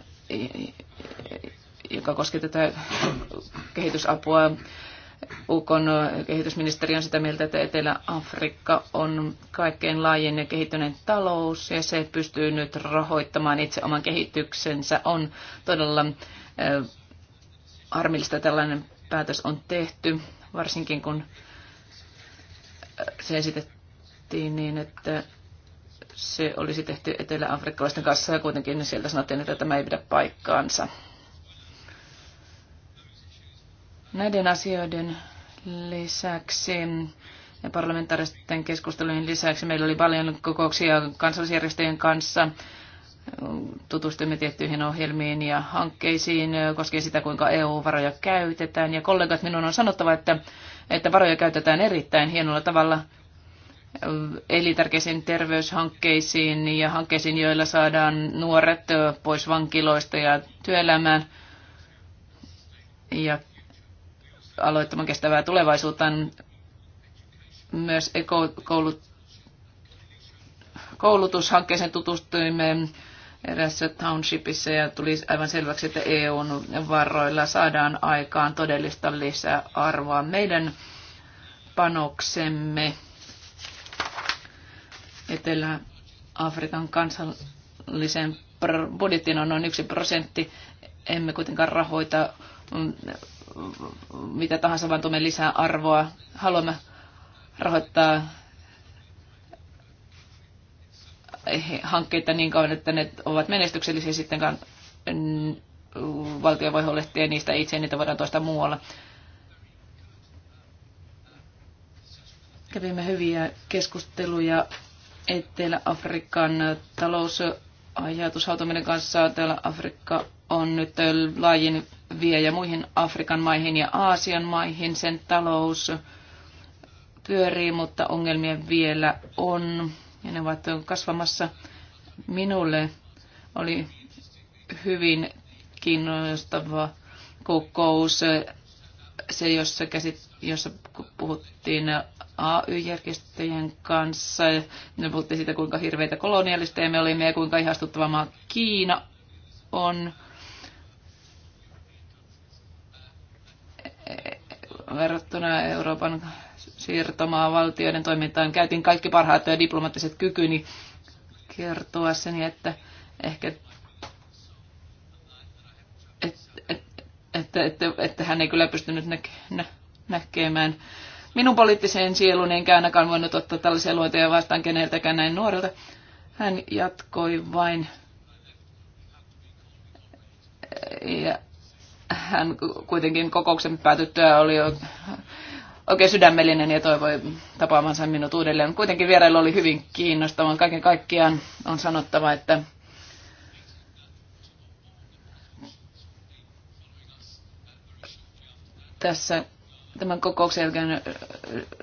Speaker 3: joka koskee tätä kehitysapua. UK kehitysministeri on sitä mieltä, että Etelä-Afrikka on kaikkein laajin ja kehittyneen talous ja se pystyy nyt rahoittamaan itse oman kehityksensä. On todella eh, harmillista tällainen päätös on tehty, varsinkin kun eh, se esitettiin niin, että se olisi tehty eteläafrikkalaisten kanssa ja kuitenkin sieltä sanottiin, että tämä ei pidä paikkaansa. Näiden asioiden lisäksi ja parlamentaaristen keskustelujen lisäksi meillä oli paljon kokouksia kansallisjärjestöjen kanssa. Tutustuimme tiettyihin ohjelmiin ja hankkeisiin koskien sitä, kuinka EU-varoja käytetään. Ja kollegat, minun on sanottava, että, että varoja käytetään erittäin hienolla tavalla elintärkeisiin terveyshankkeisiin ja hankkeisiin, joilla saadaan nuoret pois vankiloista ja työelämään ja aloittamaan kestävää tulevaisuutta. Myös koulutushankkeeseen tutustuimme erässä townshipissa ja tuli aivan selväksi, että EUn varroilla saadaan aikaan todellista lisäarvoa. Meidän panoksemme hetkellä Afrikan kansallisen budjetin on noin yksi prosentti. Emme kuitenkaan rahoita mm, mitä tahansa, vaan tuomme lisää arvoa. Haluamme rahoittaa eh, hankkeita niin kauan, että ne ovat menestyksellisiä sitten valtio voi huolehtia niistä itse, niitä voidaan toista muualla. Kävimme hyviä keskusteluja Etelä-Afrikan talousajatus kanssa. Etelä-Afrikka on nyt laajin viejä muihin Afrikan maihin ja Aasian maihin. Sen talous pyörii, mutta ongelmia vielä on ja ne ovat kasvamassa. Minulle oli hyvin kiinnostava kokous, se jossa, käsit, jossa puhuttiin AY-järjestöjen kanssa. Ne puhuttiin siitä, kuinka hirveitä kolonialisteja me olimme ja kuinka ihastuttava maa Kiina on. Verrattuna Euroopan siirtomaa valtioiden toimintaan käytin kaikki parhaat ja diplomaattiset kykyni kertoa sen, että ehkä että, että, että, että hän ei kyllä pystynyt nä, nä, näkemään minun poliittiseen sieluun enkä ainakaan voinut ottaa tällaisia luentoja vastaan keneltäkään näin nuorelta. Hän jatkoi vain. Ja hän kuitenkin kokouksen päätyttyä oli jo oikein sydämellinen ja toivoi tapaamansa minut uudelleen. Kuitenkin vierailu oli hyvin kiinnostava. Kaiken kaikkiaan on sanottava, että tässä tämän kokouksen jälkeen äh,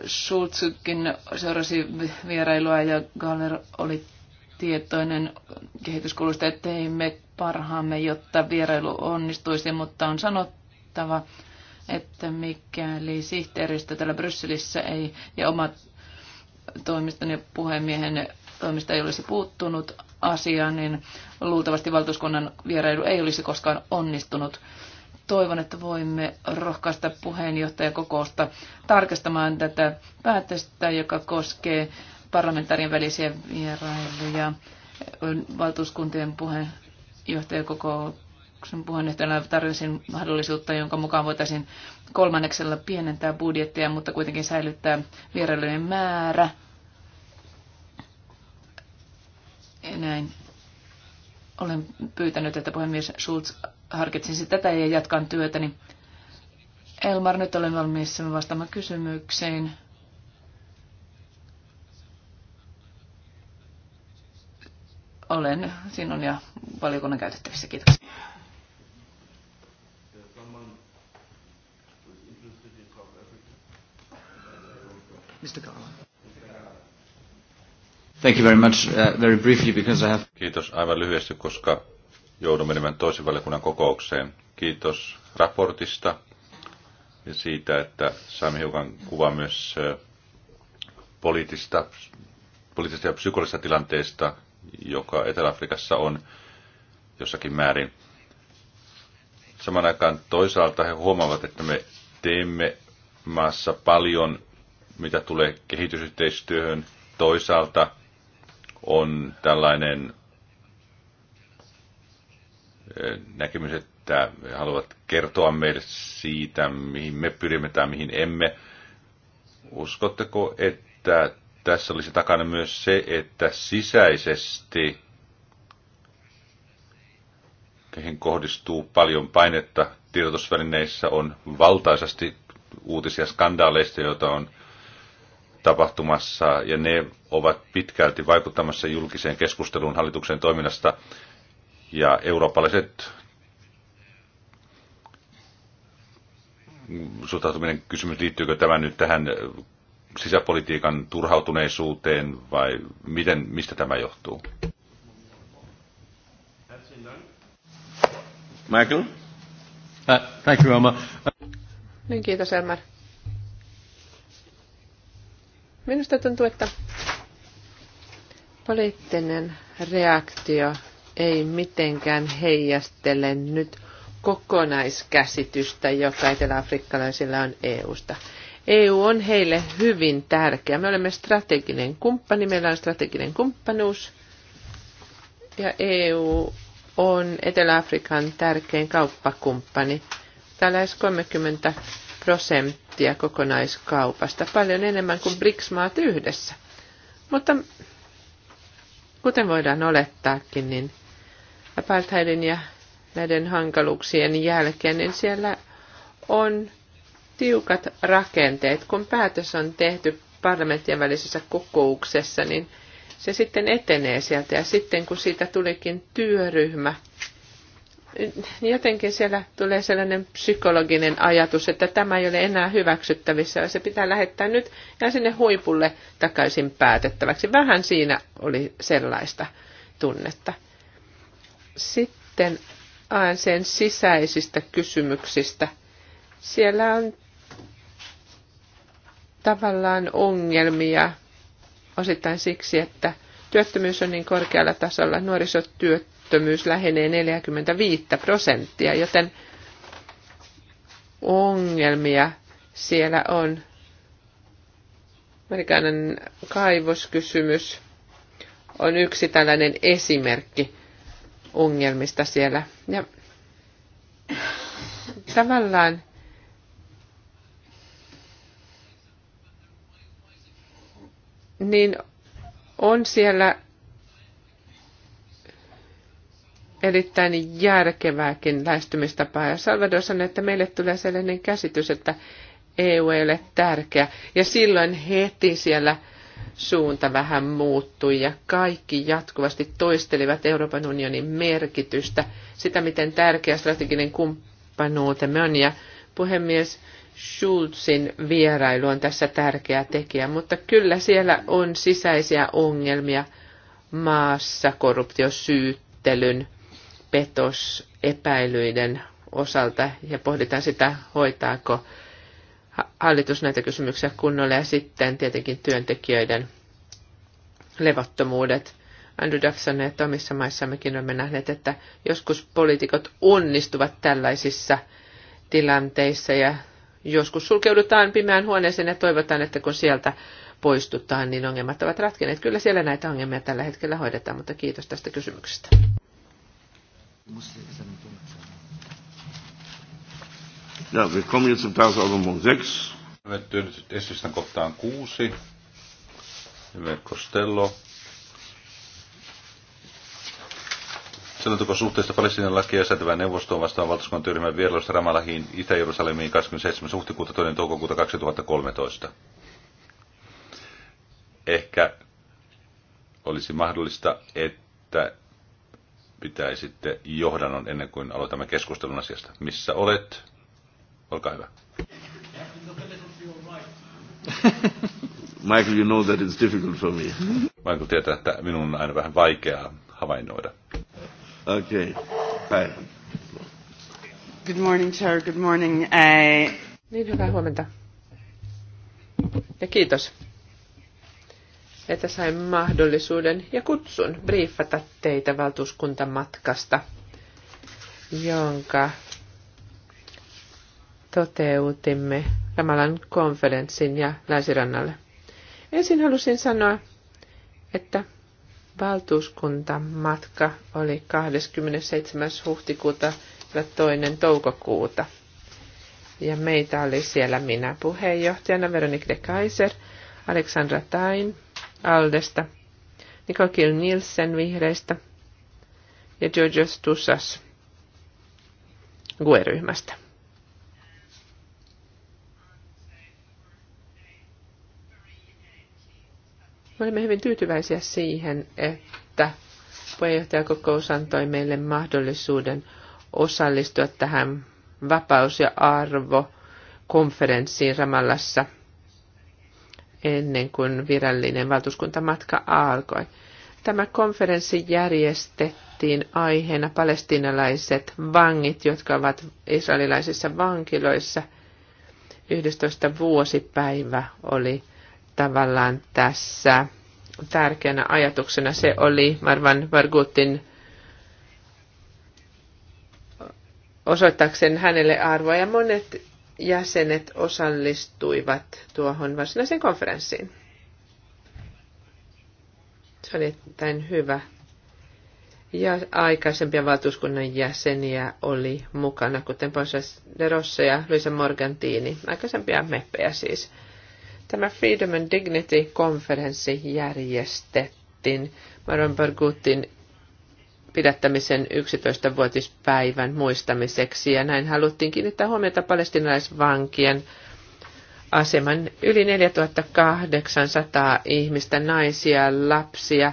Speaker 3: Schulzkin seurasi vierailua ja Galler oli tietoinen kehityskulusta, että teimme parhaamme, jotta vierailu onnistuisi, mutta on sanottava, että mikäli sihteeristö täällä Brysselissä ei ja omat toimiston ja puhemiehen toimista ei olisi puuttunut asiaan, niin luultavasti valtuuskunnan vierailu ei olisi koskaan onnistunut toivon, että voimme rohkaista puheenjohtajakokousta tarkastamaan tätä päätöstä, joka koskee parlamentaarien välisiä vierailuja valtuuskuntien puheenjohtajakokouksen puheenjohtajana tarjosin mahdollisuutta, jonka mukaan voitaisiin kolmanneksella pienentää budjettia, mutta kuitenkin säilyttää vierailujen määrä. Ja näin olen pyytänyt, että puhemies Schulz harkitsisi tätä ja jatkan työtäni. Niin Elmar, nyt olen valmis vastaamaan kysymykseen. Olen sinun ja valiokunnan käytettävissä. Kiitos. Mr. Thank you very much. Uh,
Speaker 1: very briefly because I have... Kiitos aivan lyhyesti, koska joudun menemään toisen valiokunnan kokoukseen. Kiitos raportista ja siitä, että saimme hiukan kuvaa myös poliittista, poliittista ja psykologisesta tilanteesta, joka Etelä-Afrikassa on jossakin määrin. Saman aikaan toisaalta he huomaavat, että me teemme maassa paljon, mitä tulee kehitysyhteistyöhön. Toisaalta on tällainen näkemys, että haluavat kertoa meille siitä, mihin me pyrimme tai mihin emme. Uskotteko, että tässä olisi takana myös se, että sisäisesti keihin kohdistuu paljon painetta tiedotusvälineissä, on valtaisasti uutisia skandaaleista, joita on tapahtumassa, ja ne ovat pitkälti vaikuttamassa julkiseen keskusteluun hallituksen toiminnasta ja eurooppalaiset suhtautuminen kysymys, liittyykö tämä nyt tähän sisäpolitiikan turhautuneisuuteen vai miten, mistä tämä johtuu? Michael? Uh, thank you, Uh.
Speaker 2: Niin, kiitos, Elmer. Minusta tuntuu, että poliittinen reaktio ei mitenkään heijastele nyt kokonaiskäsitystä, joka eteläafrikkalaisilla on EUsta. EU on heille hyvin tärkeä. Me olemme strateginen kumppani, meillä on strateginen kumppanuus ja EU on Etelä-Afrikan tärkein kauppakumppani. Täällä lähes 30 prosenttia kokonaiskaupasta, paljon enemmän kuin BRICS-maat yhdessä. Mutta kuten voidaan olettaakin, niin apartheidin ja näiden hankaluuksien jälkeen, niin siellä on tiukat rakenteet. Kun päätös on tehty parlamenttien välisessä kokouksessa, niin se sitten etenee sieltä. Ja sitten kun siitä tulikin työryhmä, jotenkin siellä tulee sellainen psykologinen ajatus, että tämä ei ole enää hyväksyttävissä ja se pitää lähettää nyt ja sinne huipulle takaisin päätettäväksi. Vähän siinä oli sellaista tunnetta. Sitten ANCn sisäisistä kysymyksistä. Siellä on tavallaan ongelmia osittain siksi, että työttömyys on niin korkealla tasolla. Nuorisotyöttömyys lähenee 45 prosenttia, joten ongelmia siellä on. Amerikanan kaivoskysymys on yksi tällainen esimerkki ongelmista siellä. Ja tavallaan niin on siellä erittäin järkevääkin lähestymistapaa. Ja Salvador sanoi, että meille tulee sellainen käsitys, että EU ei ole tärkeä. Ja silloin heti siellä suunta vähän muuttui ja kaikki jatkuvasti toistelivat Euroopan unionin merkitystä, sitä miten tärkeä strateginen kumppanuutemme on ja puhemies Schulzin vierailu on tässä tärkeä tekijä, mutta kyllä siellä on sisäisiä ongelmia maassa korruptiosyyttelyn, petos, epäilyiden osalta ja pohditaan sitä, hoitaako hallitus näitä kysymyksiä kunnolla ja sitten tietenkin työntekijöiden levottomuudet. Andrew Duff sanoi, että omissa maissammekin olemme nähneet, että joskus poliitikot onnistuvat tällaisissa tilanteissa ja joskus sulkeudutaan pimeään huoneeseen ja toivotaan, että kun sieltä poistutaan, niin ongelmat ovat ratkeneet. Kyllä siellä näitä ongelmia tällä hetkellä hoidetaan, mutta kiitos tästä kysymyksestä.
Speaker 1: Ja, wir kommen jetzt zum Tagesordnungspunkt 6. Esitän kohtaan kuusi. kostello. Selonteko suhteesta Palestiinan lakia säätävän neuvostoon vastaan valtuuskunnan työryhmän vierailusta Ramalahiin Itä-Jerusalemiin 27. huhtikuuta 2. toukokuuta 2013. Ehkä olisi mahdollista, että pitäisitte johdannon ennen kuin aloitamme keskustelun asiasta. Missä olet? Olkaa hyvä. Michael, you know that it's difficult for me. Michael tietää, että minun on aina vähän vaikeaa havainnoida. Okay. Hi.
Speaker 2: Good morning, Chair. Good morning. Uh... Niin, hyvää huomenta. Ja kiitos, että sain mahdollisuuden ja kutsun briefata teitä valtuuskuntamatkasta, jonka toteutimme Ramalan konferenssin ja länsirannalle. Ensin halusin sanoa, että valtuuskuntamatka oli 27. huhtikuuta ja 2. toukokuuta. Ja meitä oli siellä minä puheenjohtajana, Veronique de Kaiser, Alexandra Tain Aldesta, Nicole Kill Nielsen vihreistä ja Georgios Tussas GUE-ryhmästä. Me olemme hyvin tyytyväisiä siihen, että puheenjohtajakokous antoi meille mahdollisuuden osallistua tähän vapaus- ja arvokonferenssiin Ramallassa ennen kuin virallinen valtuuskuntamatka alkoi. Tämä konferenssi järjestettiin aiheena palestinalaiset vangit, jotka ovat israelilaisissa vankiloissa. 11. vuosipäivä oli tavallaan tässä tärkeänä ajatuksena se oli Marvan Vargutin osoittaakseen hänelle arvoa ja monet jäsenet osallistuivat tuohon varsinaiseen konferenssiin. Se oli erittäin hyvä. Ja aikaisempia valtuuskunnan jäseniä oli mukana, kuten Ponsa de Rossa ja Luisa Morgantini, aikaisempia meppejä siis. Tämä Freedom and Dignity-konferenssi järjestettiin Maron Bargutin pidättämisen 11-vuotispäivän muistamiseksi ja näin haluttiin kiinnittää huomiota palestinaisvankien aseman yli 4800 ihmistä, naisia, lapsia,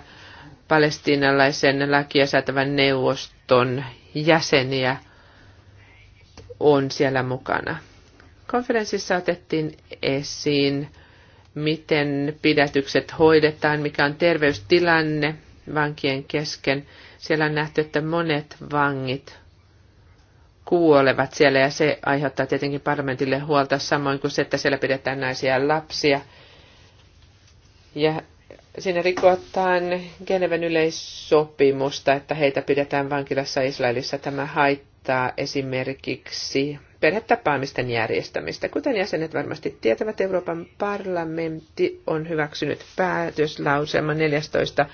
Speaker 2: palestiinalaisen lakia säätävän neuvoston jäseniä on siellä mukana. Konferenssissa otettiin esiin miten pidätykset hoidetaan, mikä on terveystilanne vankien kesken. Siellä on nähty, että monet vangit kuolevat siellä ja se aiheuttaa tietenkin parlamentille huolta samoin kuin se, että siellä pidetään naisia ja lapsia. Ja Siinä rikotaan Geneven yleissopimusta, että heitä pidetään vankilassa Israelissa. Tämä haittaa esimerkiksi perhetapaamisten järjestämistä. Kuten jäsenet varmasti tietävät, Euroopan parlamentti on hyväksynyt päätöslauselman 14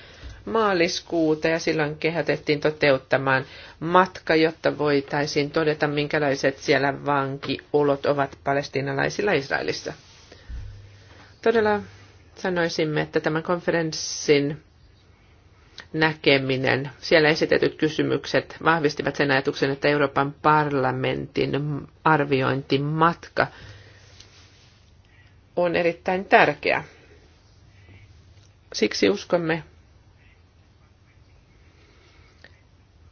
Speaker 2: maaliskuuta ja silloin kehotettiin toteuttamaan matka, jotta voitaisiin todeta, minkälaiset siellä vankiolot ovat palestiinalaisilla Israelissa. Todella sanoisimme, että tämän konferenssin näkeminen, siellä esitetyt kysymykset vahvistivat sen ajatuksen, että Euroopan parlamentin arviointimatka on erittäin tärkeä. Siksi uskomme,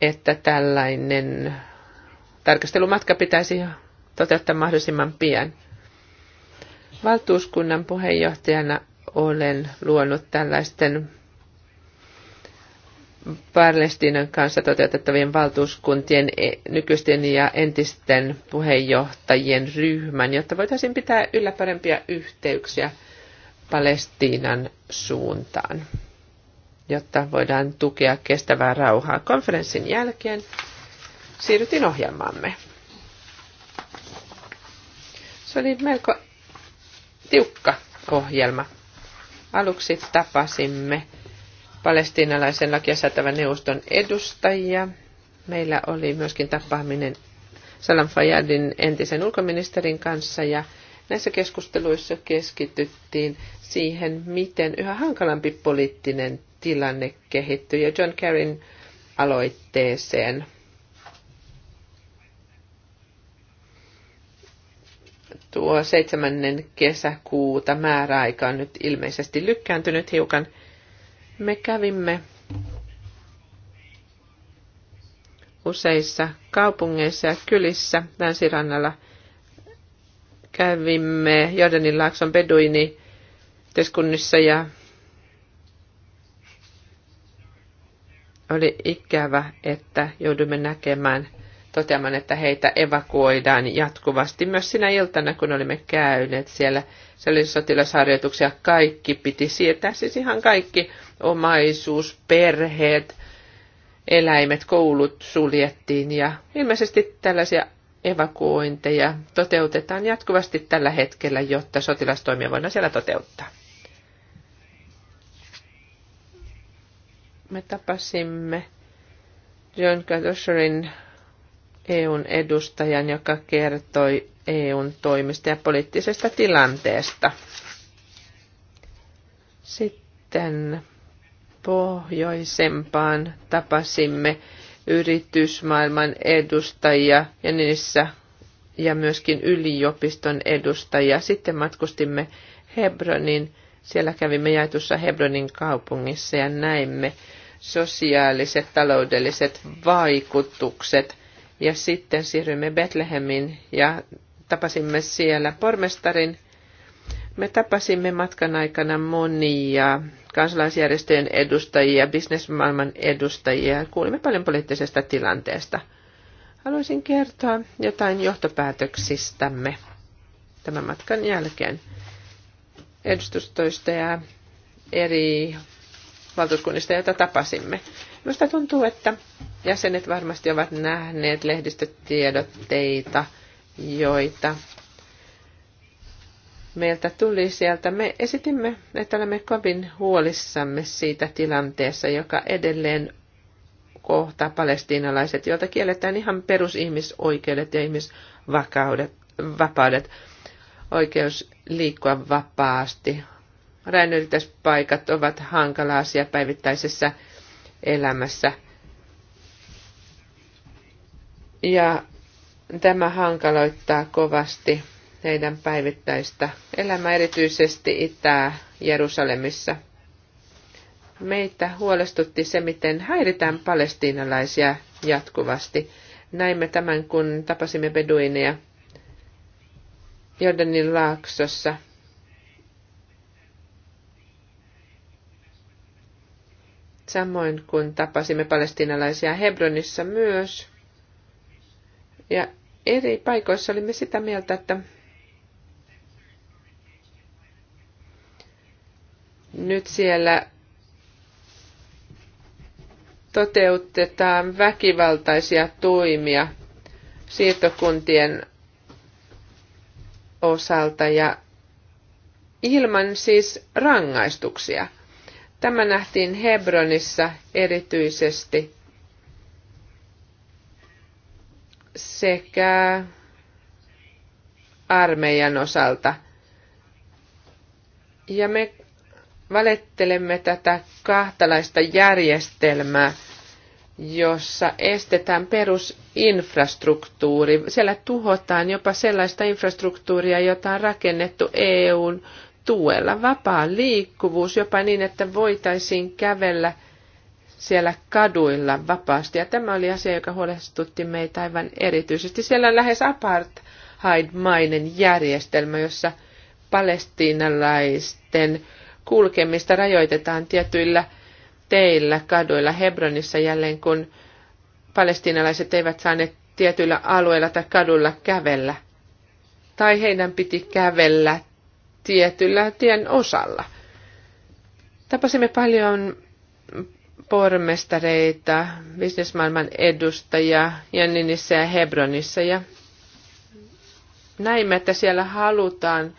Speaker 2: että tällainen tarkastelumatka pitäisi toteuttaa mahdollisimman pian. Valtuuskunnan puheenjohtajana olen luonut tällaisten Palestiinan kanssa toteutettavien valtuuskuntien e, nykyisten ja entisten puheenjohtajien ryhmän, jotta voitaisiin pitää yllä parempia yhteyksiä Palestiinan suuntaan, jotta voidaan tukea kestävää rauhaa. Konferenssin jälkeen siirrytin ohjelmaamme. Se oli melko tiukka ohjelma. Aluksi tapasimme palestiinalaisen lakia säätävän neuvoston edustajia. Meillä oli myöskin tapaaminen Salam Fayadin entisen ulkoministerin kanssa ja näissä keskusteluissa keskityttiin siihen, miten yhä hankalampi poliittinen tilanne kehittyy ja John Kerryn aloitteeseen tuo 7. kesäkuuta määräaika on nyt ilmeisesti lykkääntynyt hiukan. Me kävimme useissa kaupungeissa ja kylissä länsirannalla. Kävimme Jordanin laakson Beduini yhteiskunnissa ja oli ikävä, että joudumme näkemään – toteamaan, että heitä evakuoidaan jatkuvasti. Myös sinä iltana, kun olimme käyneet siellä, se oli sotilasharjoituksia, kaikki piti sietää, siis ihan kaikki, omaisuus, perheet, eläimet, koulut suljettiin ja ilmeisesti tällaisia evakuointeja toteutetaan jatkuvasti tällä hetkellä, jotta sotilastoimia voidaan siellä toteuttaa. Me tapasimme John Cadosherin EUn edustajan, joka kertoi EUn toimista ja poliittisesta tilanteesta. Sitten pohjoisempaan tapasimme yritysmaailman edustajia ja niissä ja myöskin yliopiston edustajia. Sitten matkustimme Hebronin, siellä kävimme jaetussa Hebronin kaupungissa ja näimme sosiaaliset, taloudelliset vaikutukset – ja sitten siirryimme Betlehemin ja tapasimme siellä pormestarin. Me tapasimme matkan aikana monia kansalaisjärjestöjen edustajia, bisnesmaailman edustajia. Kuulimme paljon poliittisesta tilanteesta. Haluaisin kertoa jotain johtopäätöksistämme tämän matkan jälkeen. Edustustoista ja eri valtuuskunnista, joita tapasimme. Minusta tuntuu, että jäsenet varmasti ovat nähneet lehdistötiedotteita, joita meiltä tuli sieltä. Me esitimme, että olemme kovin huolissamme siitä tilanteessa, joka edelleen kohtaa palestiinalaiset, joilta kielletään ihan perusihmisoikeudet ja ihmisvapaudet, oikeus liikkua vapaasti. Rajanyltäspaikat ovat hankala asia päivittäisessä elämässä. Ja tämä hankaloittaa kovasti heidän päivittäistä elämää, erityisesti Itä-Jerusalemissa. Meitä huolestutti se, miten häiritään palestiinalaisia jatkuvasti. Näimme tämän, kun tapasimme Beduineja Jordanin laaksossa. samoin kuin tapasimme palestinalaisia Hebronissa myös. Ja eri paikoissa olimme sitä mieltä, että nyt siellä toteutetaan väkivaltaisia toimia siirtokuntien osalta ja ilman siis rangaistuksia – Tämä nähtiin Hebronissa erityisesti sekä armeijan osalta. Ja me valettelemme tätä kahtalaista järjestelmää, jossa estetään perusinfrastruktuuri. Siellä tuhotaan jopa sellaista infrastruktuuria, jota on rakennettu EUn tuella. Vapaa liikkuvuus, jopa niin, että voitaisiin kävellä siellä kaduilla vapaasti. Ja tämä oli asia, joka huolestutti meitä aivan erityisesti. Siellä on lähes apartheid-mainen järjestelmä, jossa palestiinalaisten kulkemista rajoitetaan tietyillä teillä, kaduilla, Hebronissa jälleen, kun palestiinalaiset eivät saaneet tietyillä alueilla tai kadulla kävellä. Tai heidän piti kävellä tietyllä tien osalla. Tapasimme paljon pormestareita, bisnesmaailman edustajia Jenninissä ja Hebronissa ja näimme, että siellä halutaan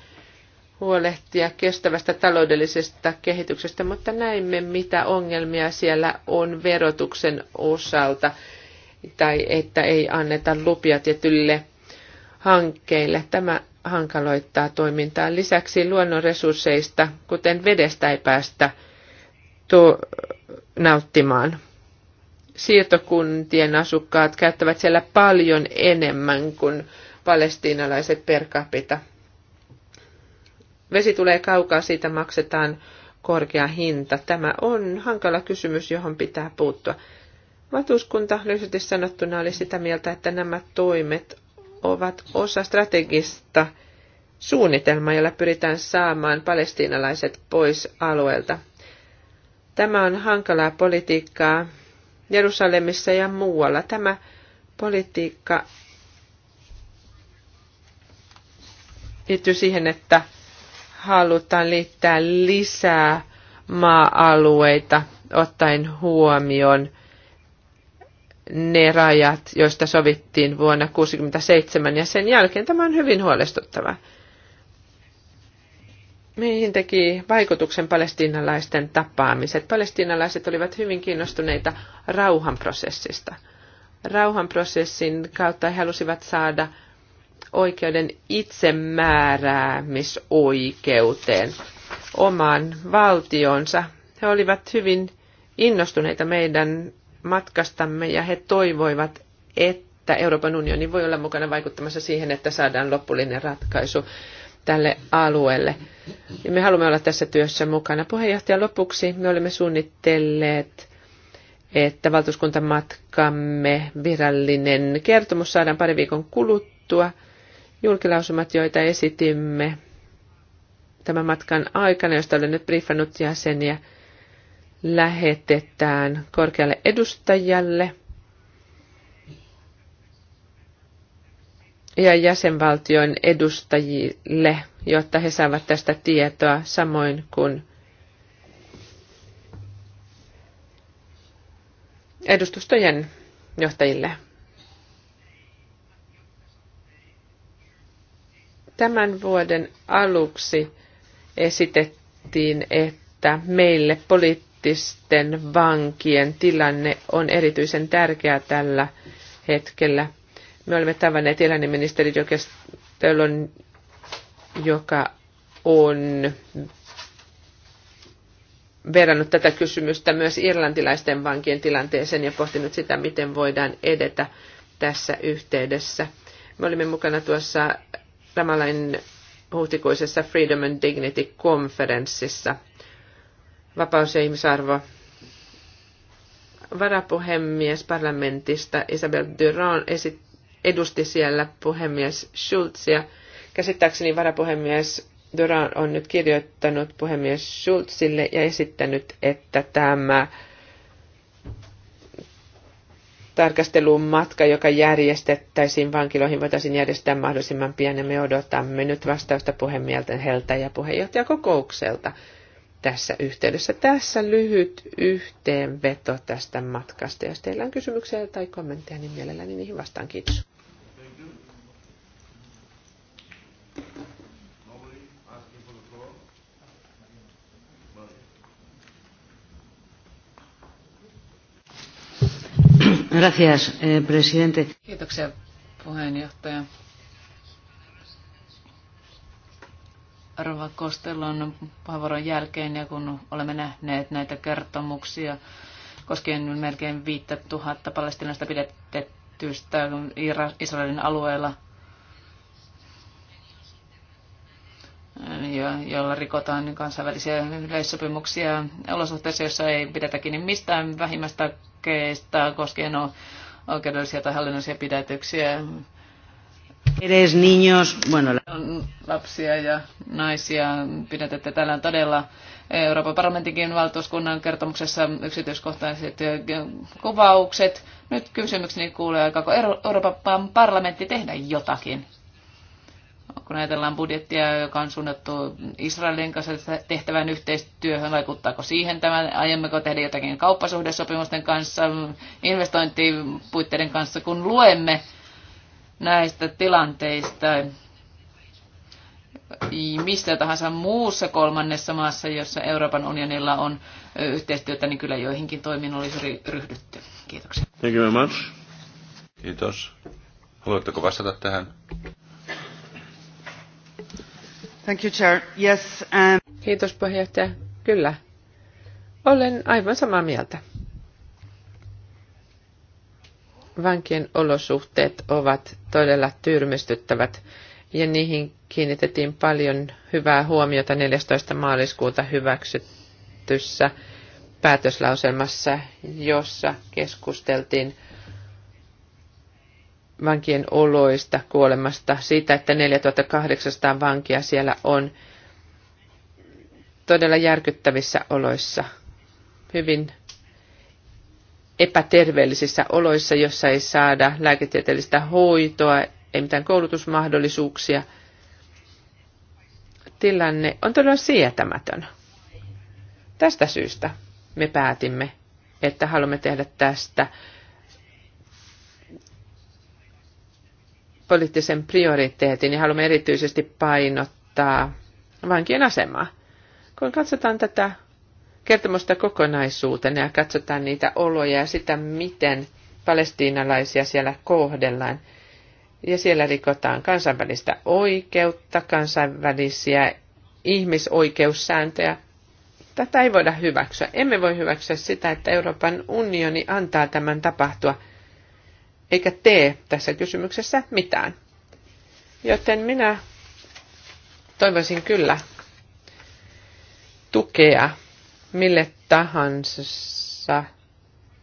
Speaker 2: huolehtia kestävästä taloudellisesta kehityksestä, mutta näimme, mitä ongelmia siellä on verotuksen osalta tai että ei anneta lupia tietylle hankkeille. Tämä hankaloittaa toimintaa. Lisäksi luonnonresursseista, kuten vedestä, ei päästä to- nauttimaan. Siirtokuntien asukkaat käyttävät siellä paljon enemmän kuin palestiinalaiset per capita. Vesi tulee kaukaa, siitä maksetaan korkea hinta. Tämä on hankala kysymys, johon pitää puuttua. Vatuskunta lyhyesti sanottuna oli sitä mieltä, että nämä toimet ovat osa strategista suunnitelmaa, jolla pyritään saamaan palestiinalaiset pois alueelta. Tämä on hankalaa politiikkaa Jerusalemissa ja muualla. Tämä politiikka liittyy siihen, että halutaan liittää lisää maa-alueita ottaen huomioon – ne rajat, joista sovittiin vuonna 1967 ja sen jälkeen. Tämä on hyvin huolestuttava. Meihin teki vaikutuksen palestinalaisten tapaamiset. Palestinalaiset olivat hyvin kiinnostuneita rauhanprosessista. Rauhanprosessin kautta he halusivat saada oikeuden itsemääräämisoikeuteen omaan valtionsa. He olivat hyvin innostuneita meidän matkastamme ja he toivoivat, että Euroopan unioni voi olla mukana vaikuttamassa siihen, että saadaan lopullinen ratkaisu tälle alueelle. Ja me haluamme olla tässä työssä mukana. Puheenjohtajan lopuksi me olemme suunnitelleet, että valtuuskuntamatkamme virallinen kertomus saadaan pari viikon kuluttua. Julkilausumat, joita esitimme tämän matkan aikana, josta olen nyt briefannut jäseniä, lähetetään korkealle edustajalle ja jäsenvaltion edustajille, jotta he saavat tästä tietoa, samoin kuin edustustojen johtajille. Tämän vuoden aluksi esitettiin, että meille poliittisille poliittisten vankien tilanne on erityisen tärkeä tällä hetkellä. Me olemme tavanneet eläinministeri Jokestelon, joka on verrannut tätä kysymystä myös irlantilaisten vankien tilanteeseen ja pohtinut sitä, miten voidaan edetä tässä yhteydessä. Me olimme mukana tuossa Ramalain huhtikuisessa Freedom and Dignity-konferenssissa – vapaus ja ihmisarvo. Varapuhemies parlamentista Isabel Duron edusti siellä puhemies Schulzia. Käsittääkseni varapuhemies Duran on nyt kirjoittanut puhemies Schulzille ja esittänyt, että tämä tarkastelun matka, joka järjestettäisiin vankiloihin, voitaisiin järjestää mahdollisimman pian ja me odotamme nyt vastausta puhemieltä heltä ja puheenjohtajakokoukselta. kokoukselta tässä yhteydessä. Tässä lyhyt yhteenveto tästä matkasta. Jos teillä on kysymyksiä tai kommentteja, niin mielelläni niihin vastaan. Kiitos.
Speaker 3: Gracias, eh, presidente. Kiitoksia puheenjohtaja. Rova Kostelon puheenvuoron jälkeen ja kun olemme nähneet näitä kertomuksia koskien melkein 5000 palestinaista pidetettyistä Israelin alueella, Ja jolla rikotaan kansainvälisiä yleissopimuksia olosuhteissa, joissa ei pidetä kiinni mistään vähimmästä keistä koskien oikeudellisia tai hallinnollisia pidätyksiä.
Speaker 2: Eres niños, bueno...
Speaker 3: Lapsia ja naisia pidätätte tällä todella Euroopan parlamentinkin valtuuskunnan kertomuksessa yksityiskohtaiset kuvaukset. Nyt kysymykseni kuulee, aikaako Euroopan parlamentti tehdä jotakin? Kun ajatellaan budjettia, joka on suunnattu Israelin kanssa tehtävän yhteistyöhön, vaikuttaako siihen tämä? Aiemmeko tehdä jotakin kauppasuhdesopimusten kanssa, investointipuitteiden kanssa, kun luemme näistä tilanteista mistä tahansa muussa kolmannessa maassa, jossa Euroopan unionilla on yhteistyötä, niin kyllä joihinkin toimiin olisi ryhdytty. Kiitoksia.
Speaker 1: Thank you very much. Kiitos. Haluatteko vastata tähän?
Speaker 2: Thank you, Chair. Yes, and... Um, Kiitos puheenjohtaja. Kyllä. Olen aivan samaa mieltä vankien olosuhteet ovat todella tyrmistyttävät ja niihin kiinnitettiin paljon hyvää huomiota 14. maaliskuuta hyväksytyssä päätöslauselmassa, jossa keskusteltiin vankien oloista, kuolemasta, siitä, että 4800 vankia siellä on todella järkyttävissä oloissa. Hyvin epäterveellisissä oloissa, jossa ei saada lääketieteellistä hoitoa, ei mitään koulutusmahdollisuuksia. Tilanne on todella sietämätön. Tästä syystä me päätimme, että haluamme tehdä tästä poliittisen prioriteetin ja haluamme erityisesti painottaa vankien asemaa. Kun katsotaan tätä kertomusta kokonaisuutena ja katsotaan niitä oloja ja sitä, miten palestiinalaisia siellä kohdellaan. Ja siellä rikotaan kansainvälistä oikeutta, kansainvälisiä ihmisoikeussääntöjä. Tätä ei voida hyväksyä. Emme voi hyväksyä sitä, että Euroopan unioni antaa tämän tapahtua, eikä tee tässä kysymyksessä mitään. Joten minä toivoisin kyllä tukea mille tahansa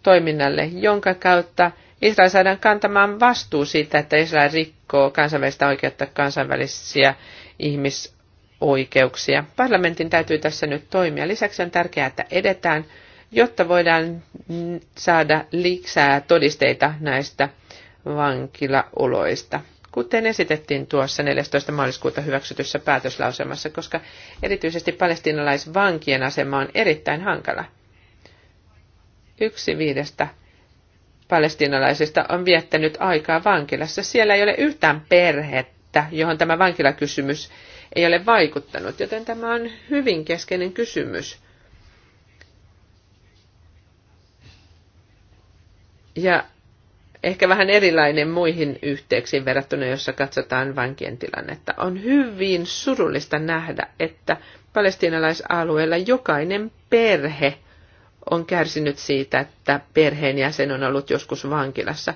Speaker 2: toiminnalle, jonka kautta Israel saadaan kantamaan vastuu siitä, että Israel rikkoo kansainvälistä oikeutta, kansainvälisiä ihmisoikeuksia. Parlamentin täytyy tässä nyt toimia. Lisäksi on tärkeää, että edetään, jotta voidaan saada lisää todisteita näistä vankilaoloista kuten esitettiin tuossa 14. maaliskuuta hyväksytyssä päätöslauselmassa, koska erityisesti palestinalaisvankien asema on erittäin hankala. Yksi viidestä palestinalaisista on viettänyt aikaa vankilassa. Siellä ei ole yhtään perhettä, johon tämä vankilakysymys ei ole vaikuttanut, joten tämä on hyvin keskeinen kysymys. Ja ehkä vähän erilainen muihin yhteyksiin verrattuna, jossa katsotaan vankien tilannetta. On hyvin surullista nähdä, että palestiinalaisalueella jokainen perhe on kärsinyt siitä, että perheenjäsen on ollut joskus vankilassa.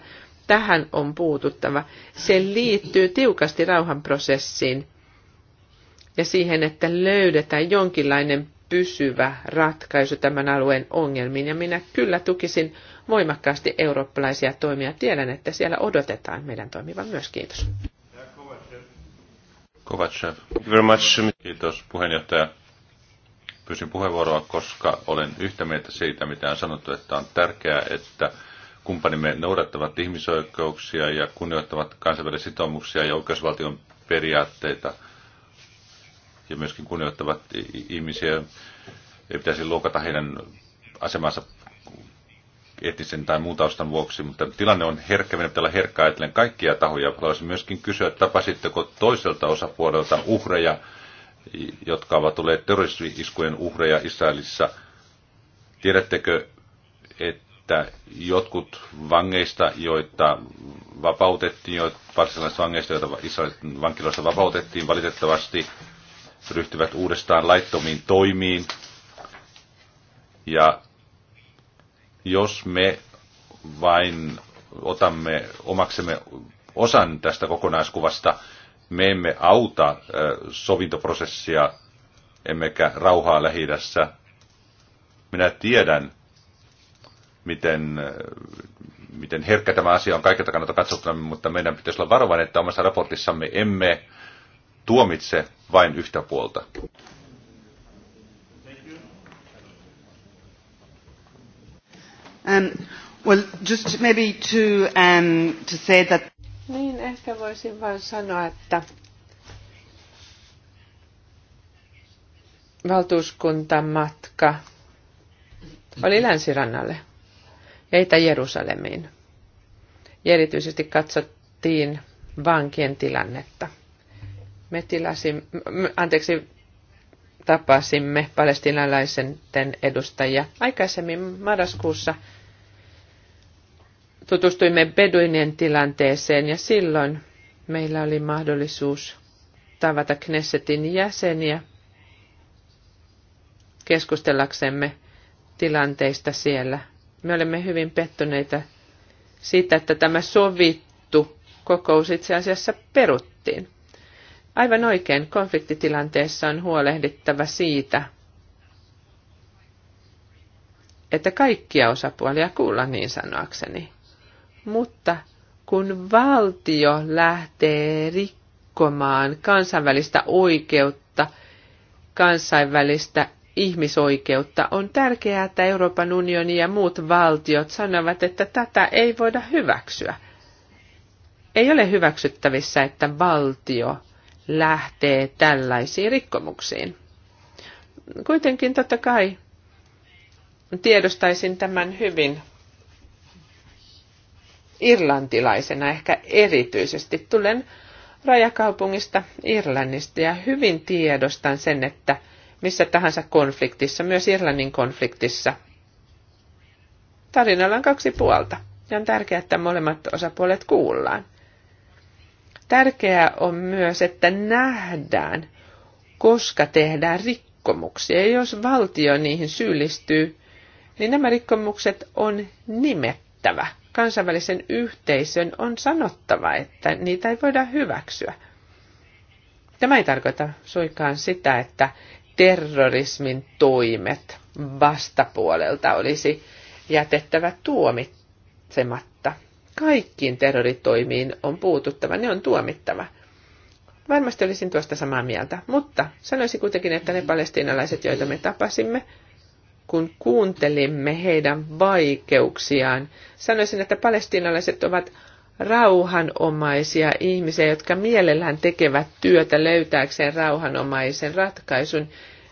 Speaker 2: Tähän on puututtava. Se liittyy tiukasti rauhanprosessiin ja siihen, että löydetään jonkinlainen pysyvä ratkaisu tämän alueen ongelmiin. Ja minä kyllä tukisin voimakkaasti eurooppalaisia toimia. Tiedän, että siellä odotetaan meidän toimivan myös. Kiitos.
Speaker 1: Kovacev. Kiitos puheenjohtaja. Pysyn puheenvuoroa, koska olen yhtä mieltä siitä, mitä on sanottu, että on tärkeää, että kumppanimme noudattavat ihmisoikeuksia ja kunnioittavat kansainvälisiä sitoumuksia ja oikeusvaltion periaatteita – ja myöskin kunnioittavat ihmisiä. Ei pitäisi luokata heidän asemansa etnisen tai muun taustan vuoksi, mutta tilanne on herkkä, meidän pitää olla herkkä ajatellen kaikkia tahoja. Haluaisin myöskin kysyä, tapasitteko toiselta osapuolelta uhreja, jotka ovat tulleet terroristi-iskujen uhreja Israelissa. Tiedättekö, että jotkut vangeista, joita vapautettiin, varsinaiset vangeista, joita Israelin vankiloissa vapautettiin, valitettavasti ryhtyvät uudestaan laittomiin toimiin. Ja jos me vain otamme omaksemme osan tästä kokonaiskuvasta, me emme auta sovintoprosessia emmekä rauhaa lähi -idässä. Minä tiedän, miten, miten herkkä tämä asia on kaikilta kannalta katsottuna, mutta meidän pitäisi olla varovainen, että omassa raportissamme emme tuomitse vain yhtä puolta.
Speaker 2: Um, well, just maybe to, um, to say that... Niin, ehkä voisin vain sanoa, että valtuuskuntamatka oli länsirannalle ja Itä-Jerusalemiin. Ja erityisesti katsottiin vankien tilannetta. Me tilasimme, anteeksi, tapasimme palestinalaisen edustajia. Aikaisemmin marraskuussa tutustuimme Beduinien tilanteeseen ja silloin meillä oli mahdollisuus tavata Knessetin jäseniä keskustellaksemme tilanteista siellä. Me olemme hyvin pettyneitä siitä, että tämä sovittu kokous itse asiassa peruttiin. Aivan oikein, konfliktitilanteessa on huolehdittava siitä, että kaikkia osapuolia kuulla niin sanoakseni. Mutta kun valtio lähtee rikkomaan kansainvälistä oikeutta, kansainvälistä ihmisoikeutta, on tärkeää, että Euroopan unioni ja muut valtiot sanovat, että tätä ei voida hyväksyä. Ei ole hyväksyttävissä, että valtio – lähtee tällaisiin rikkomuksiin. Kuitenkin totta kai tiedostaisin tämän hyvin irlantilaisena ehkä erityisesti. Tulen rajakaupungista Irlannista ja hyvin tiedostan sen, että missä tahansa konfliktissa, myös Irlannin konfliktissa, tarinalla on kaksi puolta ja on tärkeää, että molemmat osapuolet kuullaan. Tärkeää on myös, että nähdään, koska tehdään rikkomuksia. Ja jos valtio niihin syyllistyy, niin nämä rikkomukset on nimettävä. Kansainvälisen yhteisön on sanottava, että niitä ei voida hyväksyä. Tämä ei tarkoita suikaan sitä, että terrorismin toimet vastapuolelta olisi jätettävä tuomitsematta kaikkiin terroritoimiin on puututtava, ne on tuomittava. Varmasti olisin tuosta samaa mieltä, mutta sanoisin kuitenkin, että ne palestiinalaiset, joita me tapasimme, kun kuuntelimme heidän vaikeuksiaan, sanoisin, että palestiinalaiset ovat rauhanomaisia ihmisiä, jotka mielellään tekevät työtä löytääkseen rauhanomaisen ratkaisun.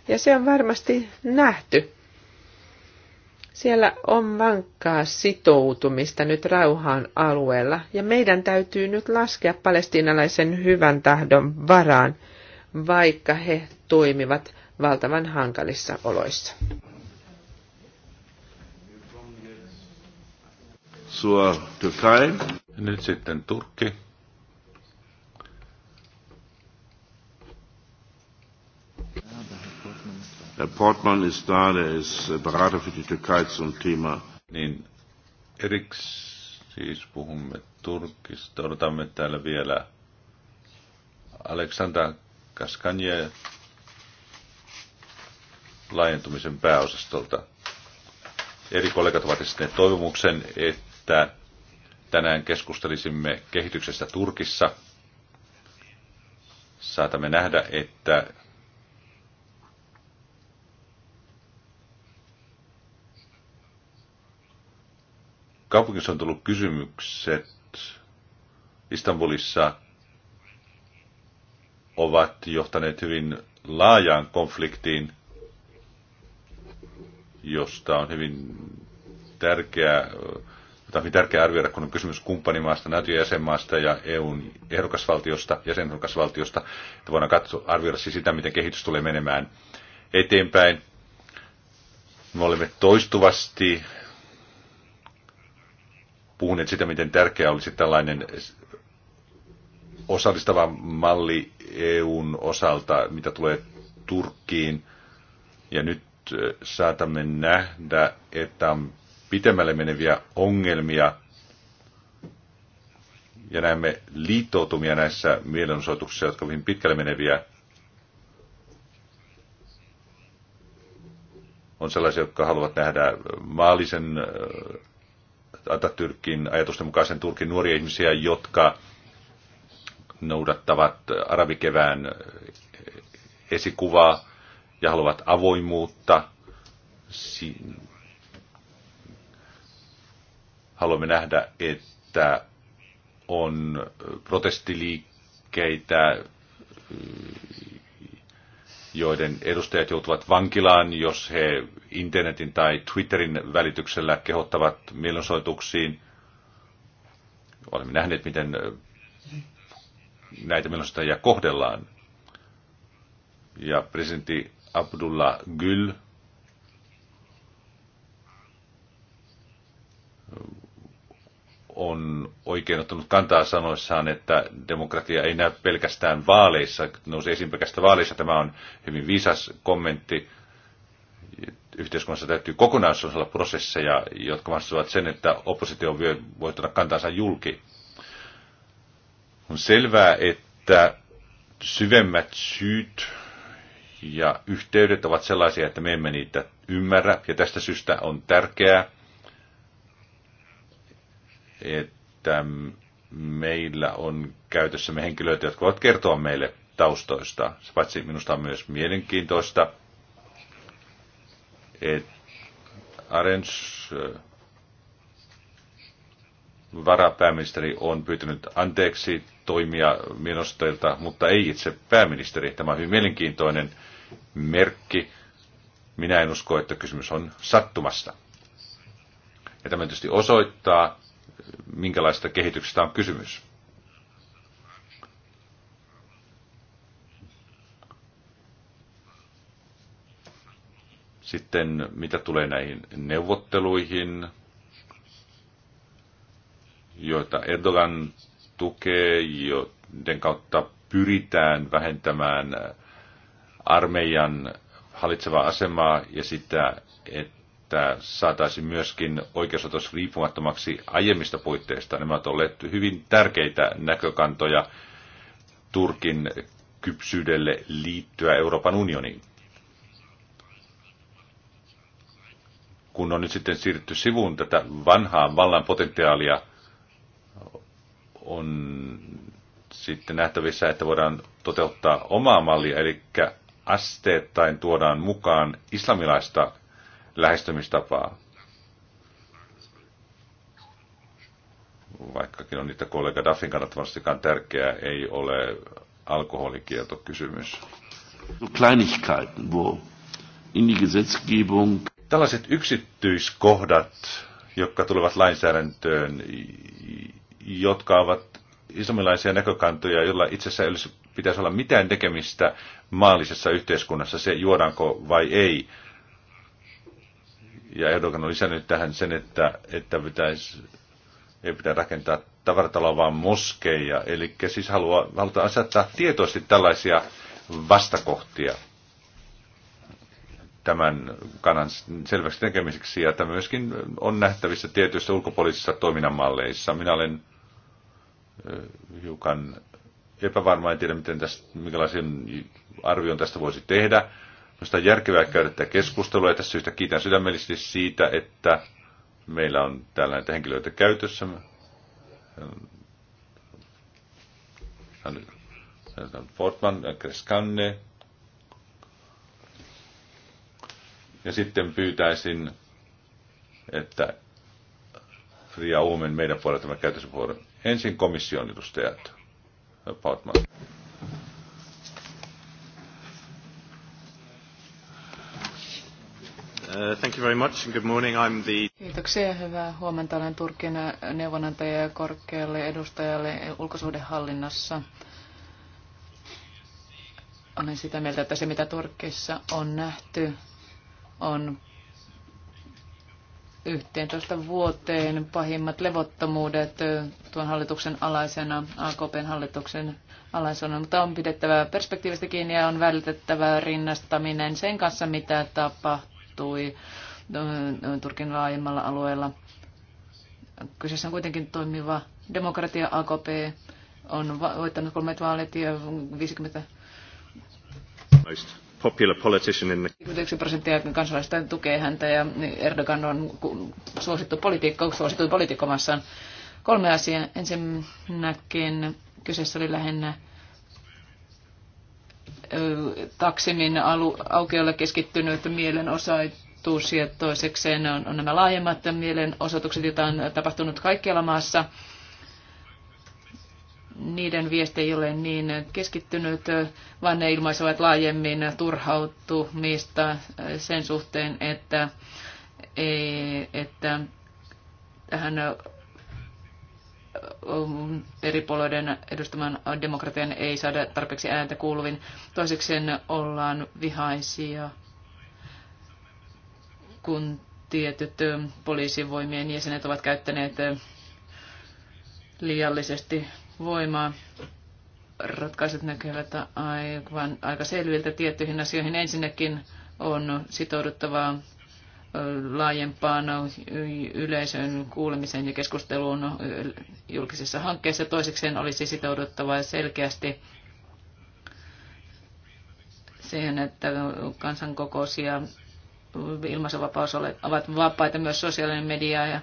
Speaker 2: Ja se on varmasti nähty siellä on vankkaa sitoutumista nyt rauhaan alueella ja meidän täytyy nyt laskea palestiinalaisen hyvän tahdon varaan, vaikka he toimivat valtavan hankalissa oloissa.
Speaker 1: Sua Nyt sitten Turkki. Herr Portman ist da, der ist äh, Berater für die Türkei zum Thema. Niin, eriks siis puhumme Turkista. Odotamme täällä vielä Aleksandra Kaskanje laajentumisen pääosastolta. Eri kollegat ovat esittäneet toivomuksen, että tänään keskustelisimme kehityksestä Turkissa. Saatamme nähdä, että Kaupungissa on tullut kysymykset Istanbulissa ovat johtaneet hyvin laajaan konfliktiin, josta on hyvin tärkeää, jota on hyvin tärkeää arvioida, kun on kysymys kumppanimaasta, NATO-jäsenmaasta ja EUn ehdokasvaltiosta, jäsenehdokasvaltiosta, että voidaan katsoa, arvioida siis sitä, miten kehitys tulee menemään eteenpäin. Me olemme toistuvasti puhuneet sitä, miten tärkeää olisi tällainen osallistava malli EUn osalta, mitä tulee Turkkiin. Ja nyt saatamme nähdä, että on pitemmälle meneviä ongelmia ja näemme liittoutumia näissä mielenosoituksissa, jotka ovat hyvin pitkälle meneviä. On sellaisia, jotka haluavat nähdä maallisen Atatürkin ajatusten mukaisen Turkin nuoria ihmisiä, jotka noudattavat arabikevään esikuvaa ja haluavat avoimuutta. Haluamme nähdä, että on protestiliikkeitä, joiden edustajat joutuvat vankilaan, jos he internetin tai Twitterin välityksellä kehottavat mielensoituksiin. Olemme nähneet, miten näitä mielensoittajia kohdellaan. Ja presidentti Abdullah Gül on oikein ottanut kantaa sanoissaan, että demokratia ei näy pelkästään vaaleissa, nousi esiin pelkästään vaaleissa. Tämä on hyvin viisas kommentti. Yhteiskunnassa täytyy kokonaisuus olla prosesseja, jotka vastaavat sen, että oppositio voi tuoda kantaansa julki. On selvää, että syvemmät syyt ja yhteydet ovat sellaisia, että me emme niitä ymmärrä, ja tästä syystä on tärkeää, että meillä on käytössämme henkilöitä, jotka voivat kertoa meille taustoista. Se paitsi minusta on myös mielenkiintoista, että Arens äh, varapääministeri on pyytänyt anteeksi toimia ministeriltä, mutta ei itse pääministeri. Tämä on hyvin mielenkiintoinen merkki. Minä en usko, että kysymys on sattumasta. Ja tämä tietysti osoittaa, minkälaista kehityksestä on kysymys. Sitten mitä tulee näihin neuvotteluihin, joita Erdogan tukee, joiden kautta pyritään vähentämään armeijan hallitsevaa asemaa ja sitä, että että saataisiin myöskin oikeusotos riippumattomaksi aiemmista puitteista. Nämä ovat olleet hyvin tärkeitä näkökantoja Turkin kypsyydelle liittyä Euroopan unioniin. Kun on nyt sitten siirrytty sivuun tätä vanhaa vallan potentiaalia, on sitten nähtävissä, että voidaan toteuttaa omaa mallia, eli asteittain tuodaan mukaan islamilaista lähestymistapaa. Vaikkakin on niitä kollega Daffin kannattavastikaan tärkeää, ei ole alkoholikielto kysymys. in die Gesetzgebung... Tällaiset yksityiskohdat, jotka tulevat lainsäädäntöön, jotka ovat islamilaisia näkökantoja, joilla itse asiassa ei olisi, pitäisi olla mitään tekemistä maallisessa yhteiskunnassa, se juodaanko vai ei, ja Erdogan on lisännyt tähän sen, että, että pitäisi, ei pitää rakentaa tavarataloa, vaan moskeja. Eli siis haluaa, halutaan asettaa tietoisesti tällaisia vastakohtia tämän kanan selväksi tekemiseksi, ja tämä myöskin on nähtävissä tietyissä ulkopoliittisissa toiminnan malleissa. Minä olen hiukan epävarma, en tiedä, miten tästä, minkälaisen arvion tästä voisi tehdä, Minusta on järkevää käydä tätä keskustelua ja tässä syystä kiitän sydämellisesti siitä, että meillä on täällä näitä henkilöitä käytössä. Fortman, Kreskanne. Ja sitten pyytäisin, että Ria Uumen meidän tämä käytössä vuoron. Ensin komission edustajat. Fortman. Uh, thank you very much and good morning. I'm the...
Speaker 3: Kiitoksia ja hyvää huomenta. Olen Turkin neuvonantaja ja korkealle edustajalle ulkosuhdehallinnassa. Olen sitä mieltä, että se mitä Turkissa on nähty on 11 vuoteen pahimmat levottomuudet tuon hallituksen alaisena, AKPn hallituksen alaisena, mutta on pidettävä perspektiivistä kiinni ja on vältettävä rinnastaminen sen kanssa, mitä tapahtuu tapahtui Turkin laajemmalla alueella. Kyseessä on kuitenkin toimiva demokratia AKP, on voittanut kolmet vaalit ja 50
Speaker 1: Most popular politician in
Speaker 3: the... prosenttia tukee häntä ja Erdogan on suosittu politiikka, suosittu politiikkomassaan. Kolme asiaa. Ensinnäkin kyseessä oli lähinnä Taksimin alu, aukiolle keskittynyt mielenosoitus ja toisekseen on, on nämä laajemmat mielenosoitukset, joita on tapahtunut kaikkialla maassa. Niiden viesti ei ole niin keskittynyt, vaan ne ilmaisevat laajemmin turhautumista sen suhteen, että, e, että tähän eri puolueiden edustaman demokratian ei saada tarpeeksi ääntä kuuluvin. Toisekseen ollaan vihaisia, kun tietyt poliisivoimien jäsenet ovat käyttäneet liiallisesti voimaa. Ratkaisut näkyvät aivan aika selviltä tiettyihin asioihin. Ensinnäkin on sitouduttavaa laajempaan yleisön kuulemiseen ja keskusteluun julkisissa hankkeissa. Toisekseen olisi sitouduttava selkeästi siihen, että kansankokous ja ilmaisuvapaus ovat vapaita myös sosiaalinen media ja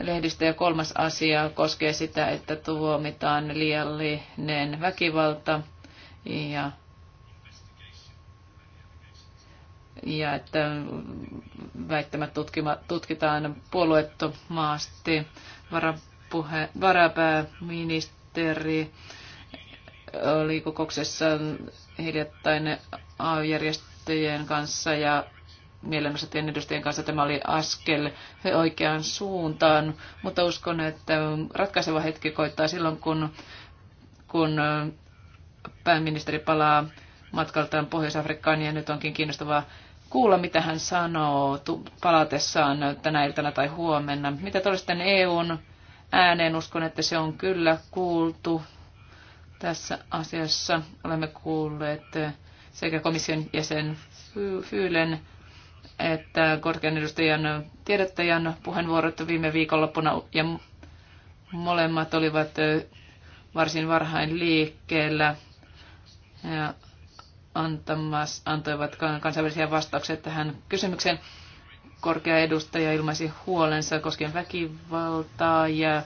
Speaker 3: lehdistö. Ja kolmas asia koskee sitä, että tuomitaan liiallinen väkivalta ja ja että väittämät tutkima, tutkitaan puolueettomaasti. varapääministeri oli kokouksessa hiljattain AY-järjestöjen kanssa ja mielenosoittajien edustajien kanssa tämä oli askel oikeaan suuntaan, mutta uskon, että ratkaiseva hetki koittaa silloin, kun, kun pääministeri palaa matkaltaan Pohjois-Afrikkaan ja nyt onkin kiinnostavaa kuulla, mitä hän sanoo palatessaan tänä iltana tai huomenna. Mitä todistan EUn ääneen, uskon, että se on kyllä kuultu tässä asiassa. Olemme kuulleet sekä komission jäsen Fyylen että korkean edustajan tiedottajan puheenvuorot viime viikonloppuna ja molemmat olivat varsin varhain liikkeellä. Ja antamas, antoivat kansainvälisiä vastauksia tähän kysymykseen. Korkea edustaja ilmaisi huolensa koskien väkivaltaa ja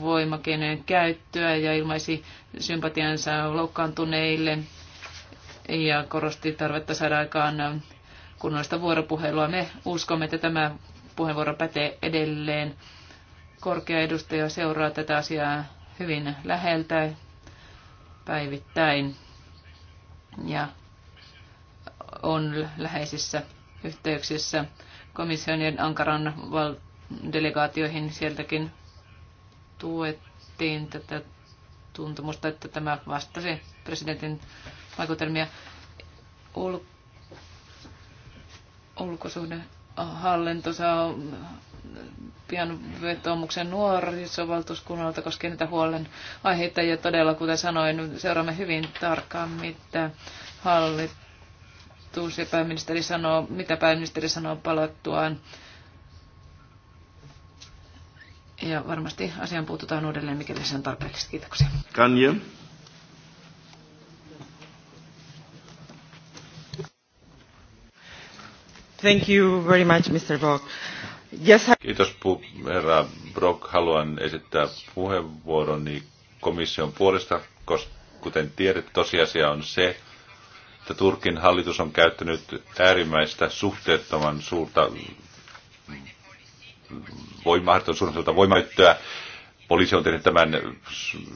Speaker 3: voimakeinojen käyttöä ja ilmaisi sympatiansa loukkaantuneille ja korosti tarvetta saada aikaan kunnollista vuoropuhelua. Me uskomme, että tämä puheenvuoro pätee edelleen. Korkea edustaja seuraa tätä asiaa hyvin läheltä päivittäin ja on läheisissä yhteyksissä komission ja Ankaran delegaatioihin sieltäkin tuettiin tätä tuntumusta, että tämä vastasi presidentin vaikutelmia. Ul- ulkosuhdehallinto saa pian vetoomuksen nuorisovaltuuskunnalta koskien niitä huolen aiheita. Ja todella, kuten sanoin, seuraamme hyvin tarkkaan, mitä hallitus ja pääministeri sanoo, mitä pääministeri sanoo palattuaan. Ja varmasti asiaan puututaan uudelleen, mikäli se on tarpeellista.
Speaker 2: Kiitoksia. Kanje. Thank you very much, Mr. Bok.
Speaker 1: Kiitos herra Brock. Haluan esittää puheenvuoroni komission puolesta, koska kuten tiedät, tosiasia on se, että Turkin hallitus on käyttänyt äärimmäistä suhteettoman suurta voimaa, voimayttöä. Poliisi on tehnyt tämän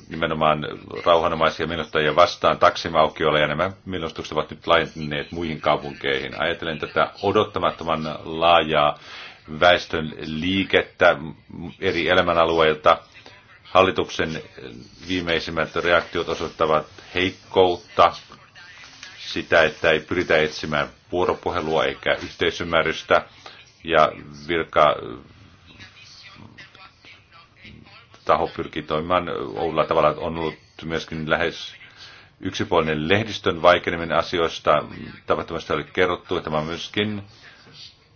Speaker 1: nimenomaan rauhanomaisia menottajia vastaan taksimaukiolla ja nämä minuutukset ovat nyt laajentuneet muihin kaupunkeihin. Ajattelen tätä odottamattoman laajaa väestön liikettä eri elämänalueilta. Hallituksen viimeisimmät reaktiot osoittavat heikkoutta, sitä, että ei pyritä etsimään vuoropuhelua eikä yhteisymmärrystä ja virka taho pyrkii toimimaan oudolla tavalla. On ollut myöskin lähes yksipuolinen lehdistön vaikeneminen asioista. Tapahtumasta oli kerrottu, että tämä on myöskin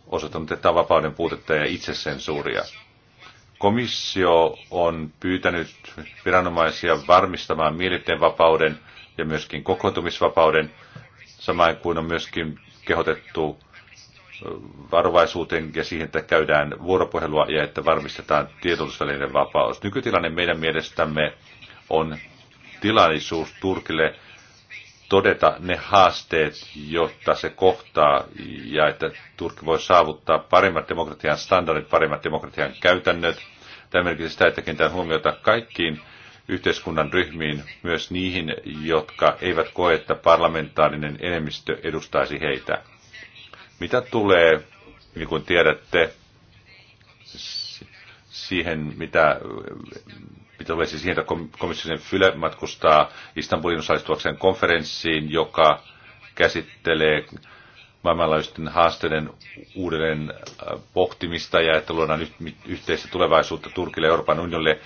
Speaker 1: osoittanut, että on vapauden puutetta ja itsesensuuria. Komissio on pyytänyt viranomaisia varmistamaan mielipiteen vapauden ja myöskin kokoontumisvapauden, samoin kuin on myöskin kehotettu varovaisuuteen ja siihen, että käydään vuoropuhelua ja että varmistetaan tiedotusvälineiden vapaus. Nykytilanne meidän mielestämme on tilaisuus Turkille todeta ne haasteet, jotta se kohtaa ja että Turkki voi saavuttaa paremmat demokratian standardit, paremmat demokratian käytännöt. Tämä merkitsee sitä, että kiinnitän huomiota kaikkiin yhteiskunnan ryhmiin, myös niihin, jotka eivät koe, että parlamentaarinen enemmistö edustaisi heitä. Mitä tulee, niin kuin tiedätte, siihen, mitä tulee siis siihen, että komission Fyle matkustaa Istanbulin osallistuakseen konferenssiin, joka käsittelee maailmanlaajuisten haasteiden uudelleen äh, pohtimista ja että luodaan yhteistä tulevaisuutta Turkille ja Euroopan unionille.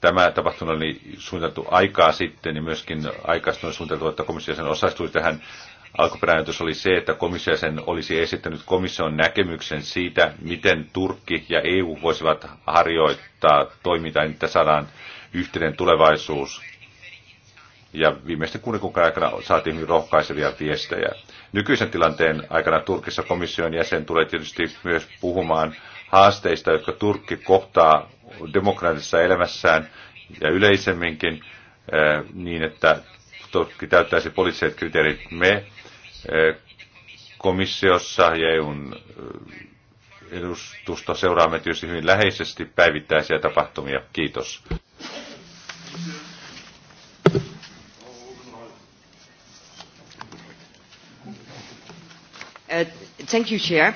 Speaker 1: Tämä tapahtuma oli suunniteltu aikaa sitten ja myöskin aikaistunut suunniteltu, että komissio sen osallistui tähän Alkuperäinen oli se, että komissio sen olisi esittänyt komission näkemyksen siitä, miten Turkki ja EU voisivat harjoittaa toimintaa, niin että saadaan yhteinen tulevaisuus. Ja viimeisten kuuden aikana saatiin hyvin rohkaisevia viestejä. Nykyisen tilanteen aikana Turkissa komission jäsen tulee tietysti myös puhumaan haasteista, jotka Turkki kohtaa demokraattisessa elämässään ja yleisemminkin eh, niin, että Turkki täyttäisi poliittiset kriteerit. Me Komissiossa ja EUn edustusta seuraamme tietysti hyvin läheisesti päivittäisiä tapahtumia. Kiitos.
Speaker 2: Uh, thank you, Chair.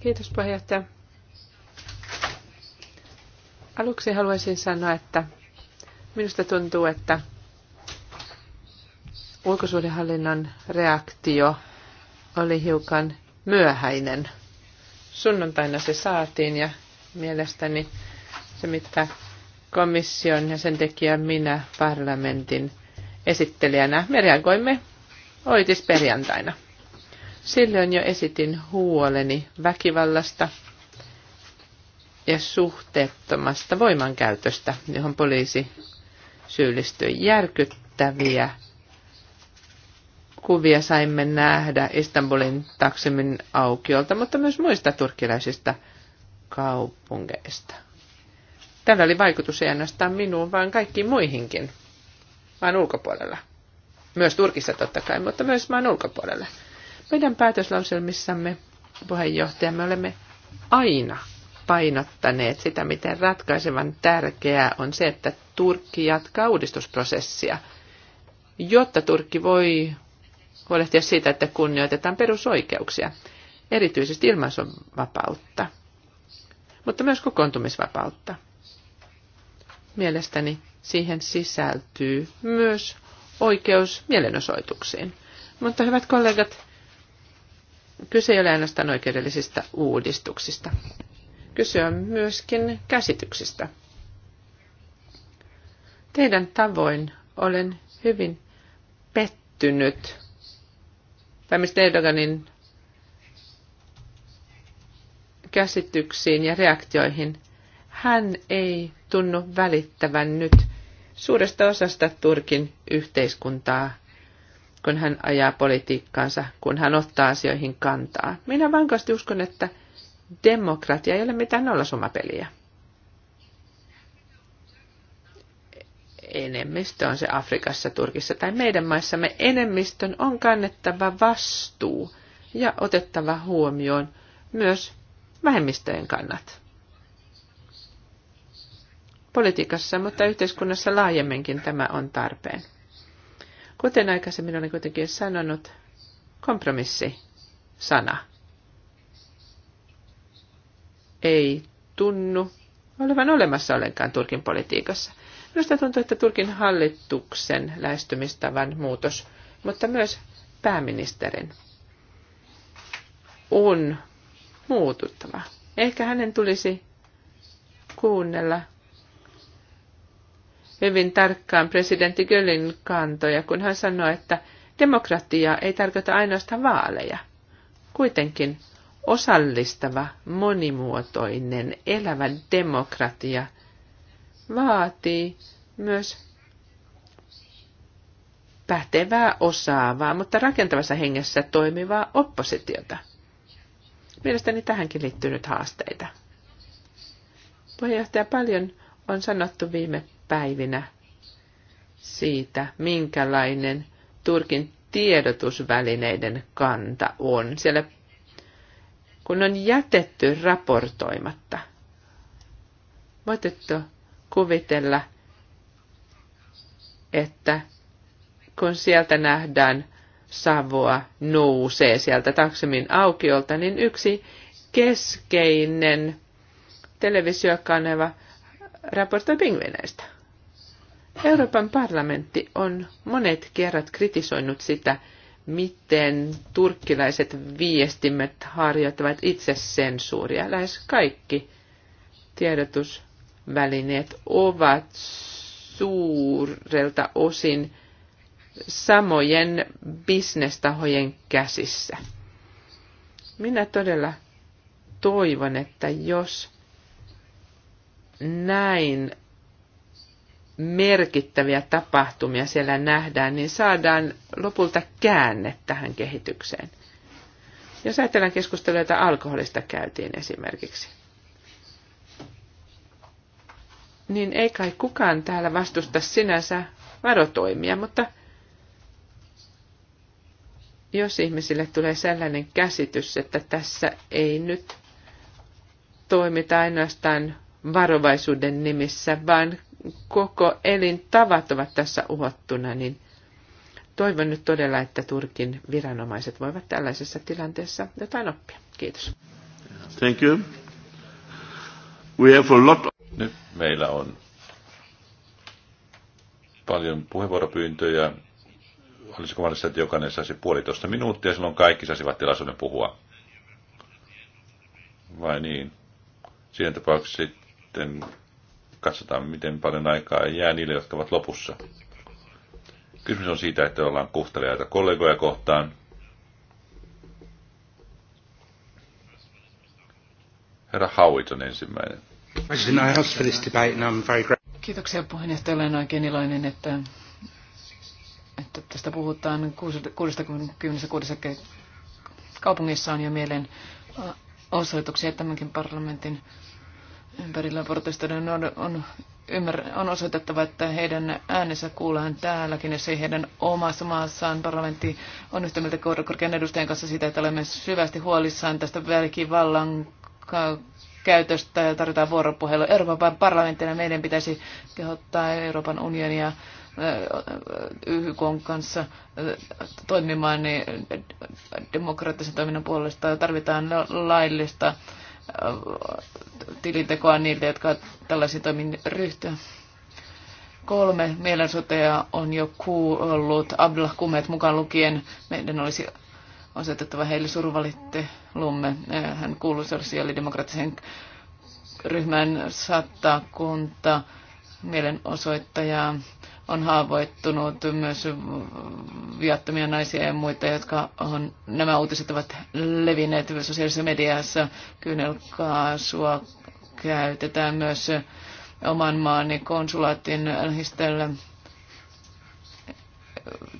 Speaker 2: Kiitos puheenjohtaja. Aluksi haluaisin sanoa, että minusta tuntuu, että ulkosuhdehallinnan reaktio oli hiukan myöhäinen. Sunnuntaina se saatiin ja mielestäni se, mitä komission ja sen tekijä minä parlamentin esittelijänä, me reagoimme oitis perjantaina. Silloin jo esitin huoleni väkivallasta ja suhteettomasta voimankäytöstä, johon poliisi syyllistyi järkyttäviä kuvia saimme nähdä Istanbulin taksimin aukiolta, mutta myös muista turkkilaisista kaupungeista. Tällä oli vaikutus ei ainoastaan minuun, vaan kaikkiin muihinkin, maan ulkopuolella. Myös Turkissa totta kai, mutta myös maan ulkopuolella. Meidän päätöslauselmissamme, puheenjohtaja, me olemme aina painottaneet sitä, miten ratkaisevan tärkeää on se, että Turkki jatkaa uudistusprosessia, jotta Turkki voi huolehtia siitä, että kunnioitetaan perusoikeuksia, erityisesti ilmaisuvapautta, mutta myös kokoontumisvapautta. Mielestäni siihen sisältyy myös oikeus mielenosoituksiin. Mutta hyvät kollegat, kyse ei ole ainoastaan oikeudellisista uudistuksista. Kyse on myöskin käsityksistä. Teidän tavoin olen hyvin pettynyt pääministeri Erdoganin käsityksiin ja reaktioihin. Hän ei tunnu välittävän nyt suuresta osasta Turkin yhteiskuntaa, kun hän ajaa politiikkaansa, kun hän ottaa asioihin kantaa. Minä vankasti uskon, että demokratia ei ole mitään nollasumapeliä. enemmistö on se Afrikassa, Turkissa tai meidän maissamme, enemmistön on kannettava vastuu ja otettava huomioon myös vähemmistöjen kannat. Politiikassa, mutta yhteiskunnassa laajemminkin tämä on tarpeen. Kuten aikaisemmin olen kuitenkin sanonut, kompromissi sana ei tunnu olevan olemassa ollenkaan Turkin politiikassa. Minusta tuntuu, että Turkin hallituksen lähestymistavan muutos, mutta myös pääministerin on muututtava. Ehkä hänen tulisi kuunnella hyvin tarkkaan presidentti Gölin kantoja, kun hän sanoi, että demokratia ei tarkoita ainoastaan vaaleja. Kuitenkin osallistava, monimuotoinen, elävä demokratia – vaatii myös pätevää, osaavaa, mutta rakentavassa hengessä toimivaa oppositiota. Mielestäni tähänkin liittyy nyt haasteita. Puheenjohtaja, paljon on sanottu viime päivinä siitä, minkälainen Turkin tiedotusvälineiden kanta on. Siellä kun on jätetty raportoimatta. Voitteko kuvitella, että kun sieltä nähdään savua nousee sieltä Taksemin aukiolta, niin yksi keskeinen televisiokanava raportoi pingvineistä. Euroopan parlamentti on monet kerrat kritisoinut sitä, miten turkkilaiset viestimet harjoittavat itse sensuuria. Lähes kaikki tiedotus välineet ovat suurelta osin samojen bisnestahojen käsissä. Minä todella toivon, että jos näin merkittäviä tapahtumia siellä nähdään, niin saadaan lopulta käänne tähän kehitykseen. Jos ajatellaan keskustelua, jota alkoholista käytiin esimerkiksi. niin ei kai kukaan täällä vastusta sinänsä varotoimia, mutta jos ihmisille tulee sellainen käsitys, että tässä ei nyt toimita ainoastaan varovaisuuden nimissä, vaan koko elintavat ovat tässä uhottuna, niin toivon nyt todella, että Turkin viranomaiset voivat tällaisessa tilanteessa jotain oppia. Kiitos. Thank you.
Speaker 1: We have a lot of... Nyt meillä on paljon puheenvuoropyyntöjä. Olisiko mahdollista, että jokainen saisi puolitoista minuuttia, silloin kaikki saisivat tilaisuuden puhua? Vai niin? Siinä tapauksessa sitten katsotaan, miten paljon aikaa jää niille, jotka ovat lopussa. Kysymys on siitä, että ollaan kohteliaita kollegoja kohtaan. Herra Hauit on ensimmäinen.
Speaker 3: Kiitoksia puheenjohtaja. Olen oikein iloinen, että, että tästä puhutaan 66 kaupungissa on jo mielen osoituksia tämänkin parlamentin ympärillä protestoiden on, on, ymmär, on osoitettava, että heidän äänensä kuullaan täälläkin, jos ei heidän omassa maassaan parlamentti on yhtä mieltä korkean edustajan kanssa sitä, että olemme syvästi huolissaan tästä välikivallan käytöstä ja tarvitaan vuoropuhelu. Euroopan parlamenttina meidän pitäisi kehottaa Euroopan unionia YK kanssa toimimaan niin demokraattisen toiminnan puolesta. Tarvitaan laillista tilintekoa niille, jotka tällaisiin toimin ryhtyä. Kolme mielensoteja on jo kuullut, Abdullah Kumet mukaan lukien. Meidän olisi osoitettava heille Lumme. Hän kuuluu sosiaalidemokraattisen ryhmän sattakunta mielenosoittaja on haavoittunut myös viattomia naisia ja muita, jotka on, nämä uutiset ovat levinneet sosiaalisessa mediassa. Kyynelkaasua käytetään myös oman maani konsulaatin lähistöllä.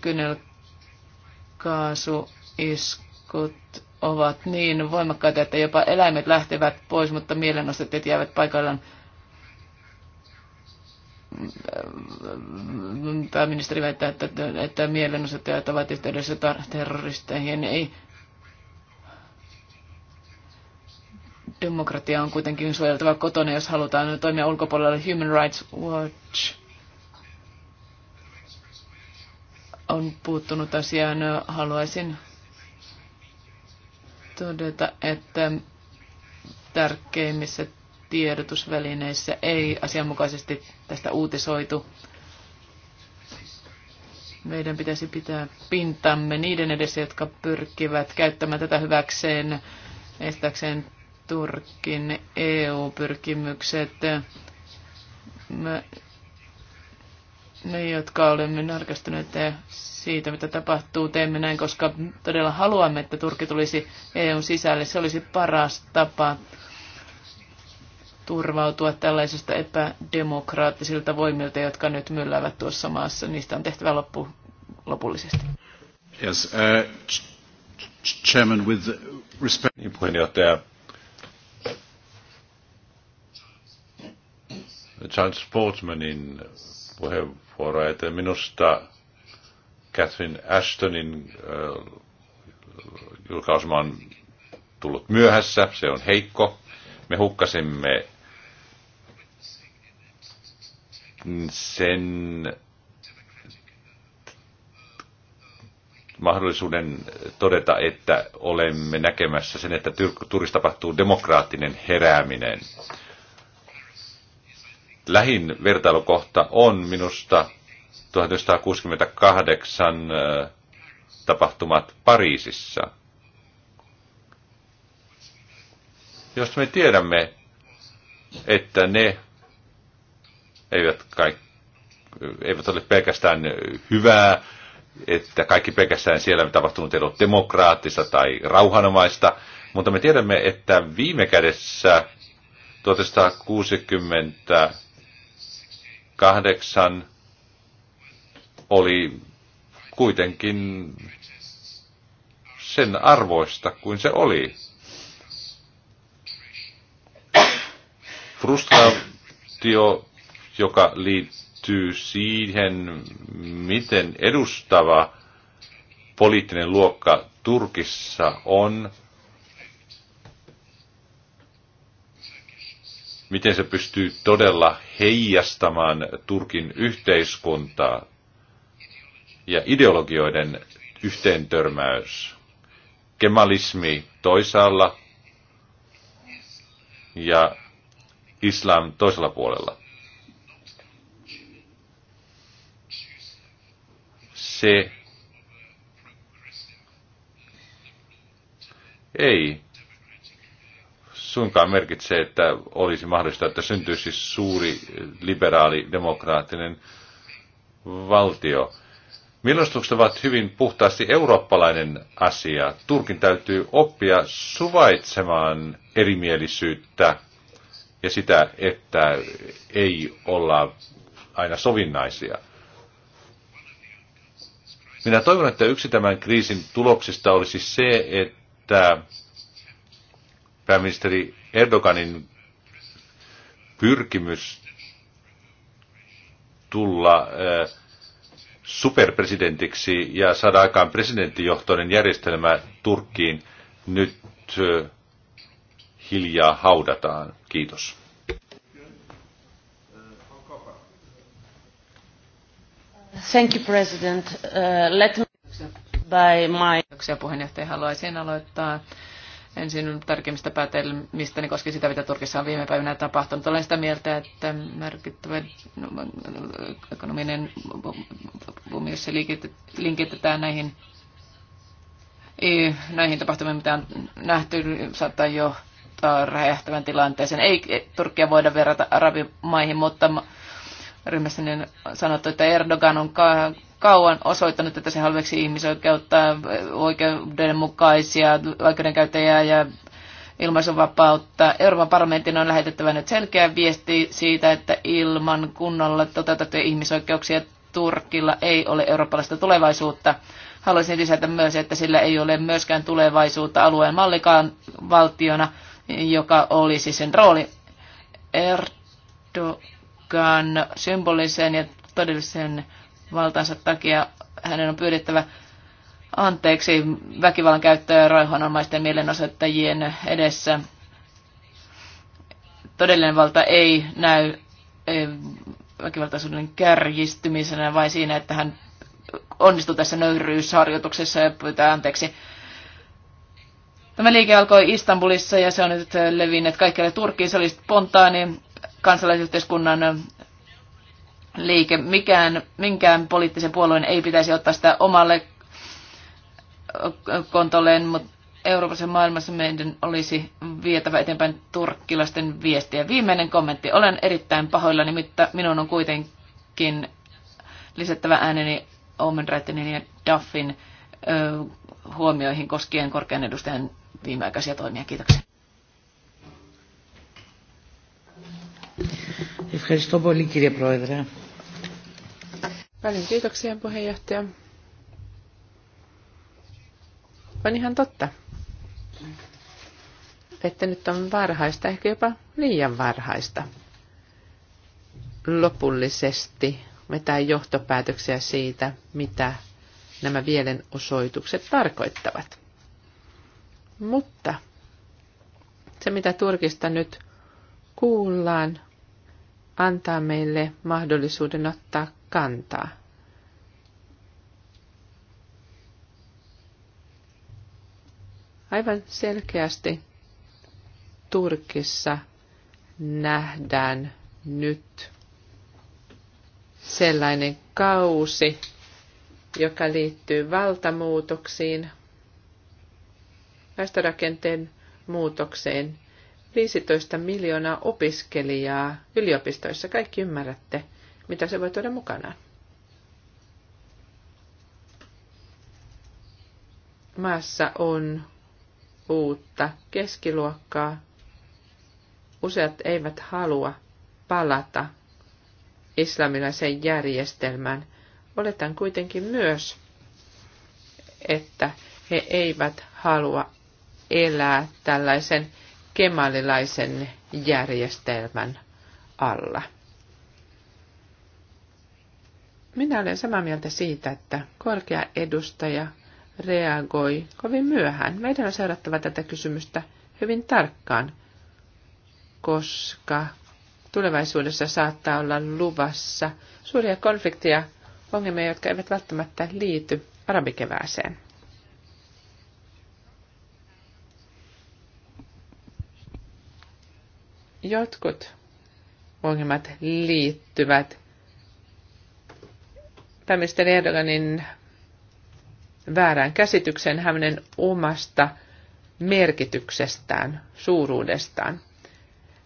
Speaker 3: Kyynelkaasu iskut ovat niin voimakkaita, että jopa eläimet lähtevät pois, mutta mielenosoitteet jäävät paikallaan. Pääministeri väittää, että, että mielenosoittajat ovat yhteydessä terroristeihin. Ei. Demokratia on kuitenkin suojeltava kotona, jos halutaan toimia ulkopuolella. Human Rights Watch on puuttunut asiaan. Haluaisin todeta, että tärkeimmissä tiedotusvälineissä ei asianmukaisesti tästä uutisoitu. Meidän pitäisi pitää pintamme niiden edessä, jotka pyrkivät käyttämään tätä hyväkseen, estääkseen Turkin EU-pyrkimykset me, jotka olemme närkästyneitä siitä, mitä tapahtuu, teemme näin, koska todella haluamme, että Turkki tulisi EUn sisälle. Se olisi paras tapa turvautua tällaisista epädemokraattisilta voimilta, jotka nyt mylläävät tuossa maassa. Niistä on tehtävä loppu, lopullisesti. Yes, uh,
Speaker 1: chairman with respect... Niin, puheenjohtaja. Charles Sportsmanin puheenvuoroa, että minusta Catherine Ashtonin äh, julkaisema on tullut myöhässä, se on heikko. Me hukkasimme sen mahdollisuuden todeta, että olemme näkemässä sen, että Turissa tapahtuu demokraattinen herääminen lähin vertailukohta on minusta 1968 äh, tapahtumat Pariisissa. Jos me tiedämme, että ne eivät, kaikki, eivät ole pelkästään hyvää, että kaikki pelkästään siellä tapahtunut ei ole demokraattista tai rauhanomaista, mutta me tiedämme, että viime kädessä 1960 kahdeksan oli kuitenkin sen arvoista kuin se oli. Frustraatio, joka liittyy siihen, miten edustava poliittinen luokka Turkissa on, miten se pystyy todella heijastamaan Turkin yhteiskuntaa ja ideologioiden yhteentörmäys. Kemalismi toisaalla ja islam toisella puolella. Se ei suinkaan merkitse, että olisi mahdollista, että syntyisi suuri liberaali demokraattinen valtio. Milostukset ovat hyvin puhtaasti eurooppalainen asia. Turkin täytyy oppia suvaitsemaan erimielisyyttä ja sitä, että ei olla aina sovinnaisia. Minä toivon, että yksi tämän kriisin tuloksista olisi se, että pääministeri Erdoganin pyrkimys tulla äh, superpresidentiksi ja saada aikaan presidenttijohtoinen järjestelmä Turkkiin nyt äh, hiljaa haudataan. Kiitos.
Speaker 3: Thank you, President. Uh, let me by my... Kiitoksia puheenjohtaja. Haluaisin aloittaa ensin tärkeimmistä päätelmistä, niin koskee sitä, mitä Turkissa on viime päivinä tapahtunut. Olen sitä mieltä, että merkittävä ekonominen bumi, jos se linkitetään näihin, näihin tapahtumiin, mitä on nähty, saattaa jo räjähtävän tilanteeseen. Ei Turkkia voida verrata arabimaihin, mutta ryhmässä niin sanottu, että Erdogan on kauan osoittanut, että se halveksi ihmisoikeutta, oikeudenmukaisia oikeudenkäyttäjiä ja ilmaisuvapautta. Euroopan parlamentin on lähetettävä nyt selkeä viesti siitä, että ilman kunnolla toteutettuja ihmisoikeuksia Turkilla ei ole eurooppalaista tulevaisuutta. Haluaisin lisätä myös, että sillä ei ole myöskään tulevaisuutta alueen mallikaan valtiona, joka olisi sen rooli. Erdogan symbolisen ja todellisen valtansa takia hänen on pyydettävä anteeksi väkivallan käyttöä rauhanomaisten mielenosoittajien edessä. Todellinen valta ei näy väkivaltaisuuden kärjistymisenä, vai siinä, että hän onnistuu tässä nöyryysharjoituksessa ja pyytää anteeksi. Tämä liike alkoi Istanbulissa ja se on nyt levinnyt kaikkialle Turkkiin. Se oli spontaani kansalaisyhteiskunnan liike. Mikään, minkään poliittisen puolueen ei pitäisi ottaa sitä omalle kontolleen, mutta Euroopassa ja maailmassa meidän olisi vietävä eteenpäin turkkilaisten viestiä. Viimeinen kommentti. Olen erittäin pahoillani, mutta minun on kuitenkin lisättävä ääneni Omenreitenin ja Duffin ö, huomioihin koskien korkean edustajan viimeaikaisia toimia. Kiitoksia.
Speaker 2: Ευχαριστώ πολύ κύριε Πρόεδρε. Välin kiitoksia puheenjohtaja. On ihan totta, että nyt on varhaista, ehkä jopa liian varhaista lopullisesti vetää johtopäätöksiä siitä, mitä nämä mielenosoitukset tarkoittavat. Mutta se, mitä Turkista nyt kuullaan, antaa meille mahdollisuuden ottaa kantaa. Aivan selkeästi Turkissa nähdään nyt sellainen kausi, joka liittyy valtamuutoksiin, väestörakenteen muutokseen. 15 miljoonaa opiskelijaa yliopistoissa, kaikki ymmärrätte – mitä se voi tuoda mukanaan. Maassa on uutta keskiluokkaa. Useat eivät halua palata islamilaisen järjestelmään. Oletan kuitenkin myös, että he eivät halua elää tällaisen kemalilaisen järjestelmän alla. Minä olen samaa mieltä siitä, että korkea edustaja reagoi kovin myöhään. Meidän on seurattava tätä kysymystä hyvin tarkkaan, koska tulevaisuudessa saattaa olla luvassa suuria konflikteja, ongelmia, jotka eivät välttämättä liity arabikevääseen. Jotkut ongelmat liittyvät pääministeri Erdoganin väärään käsityksen hänen omasta merkityksestään, suuruudestaan.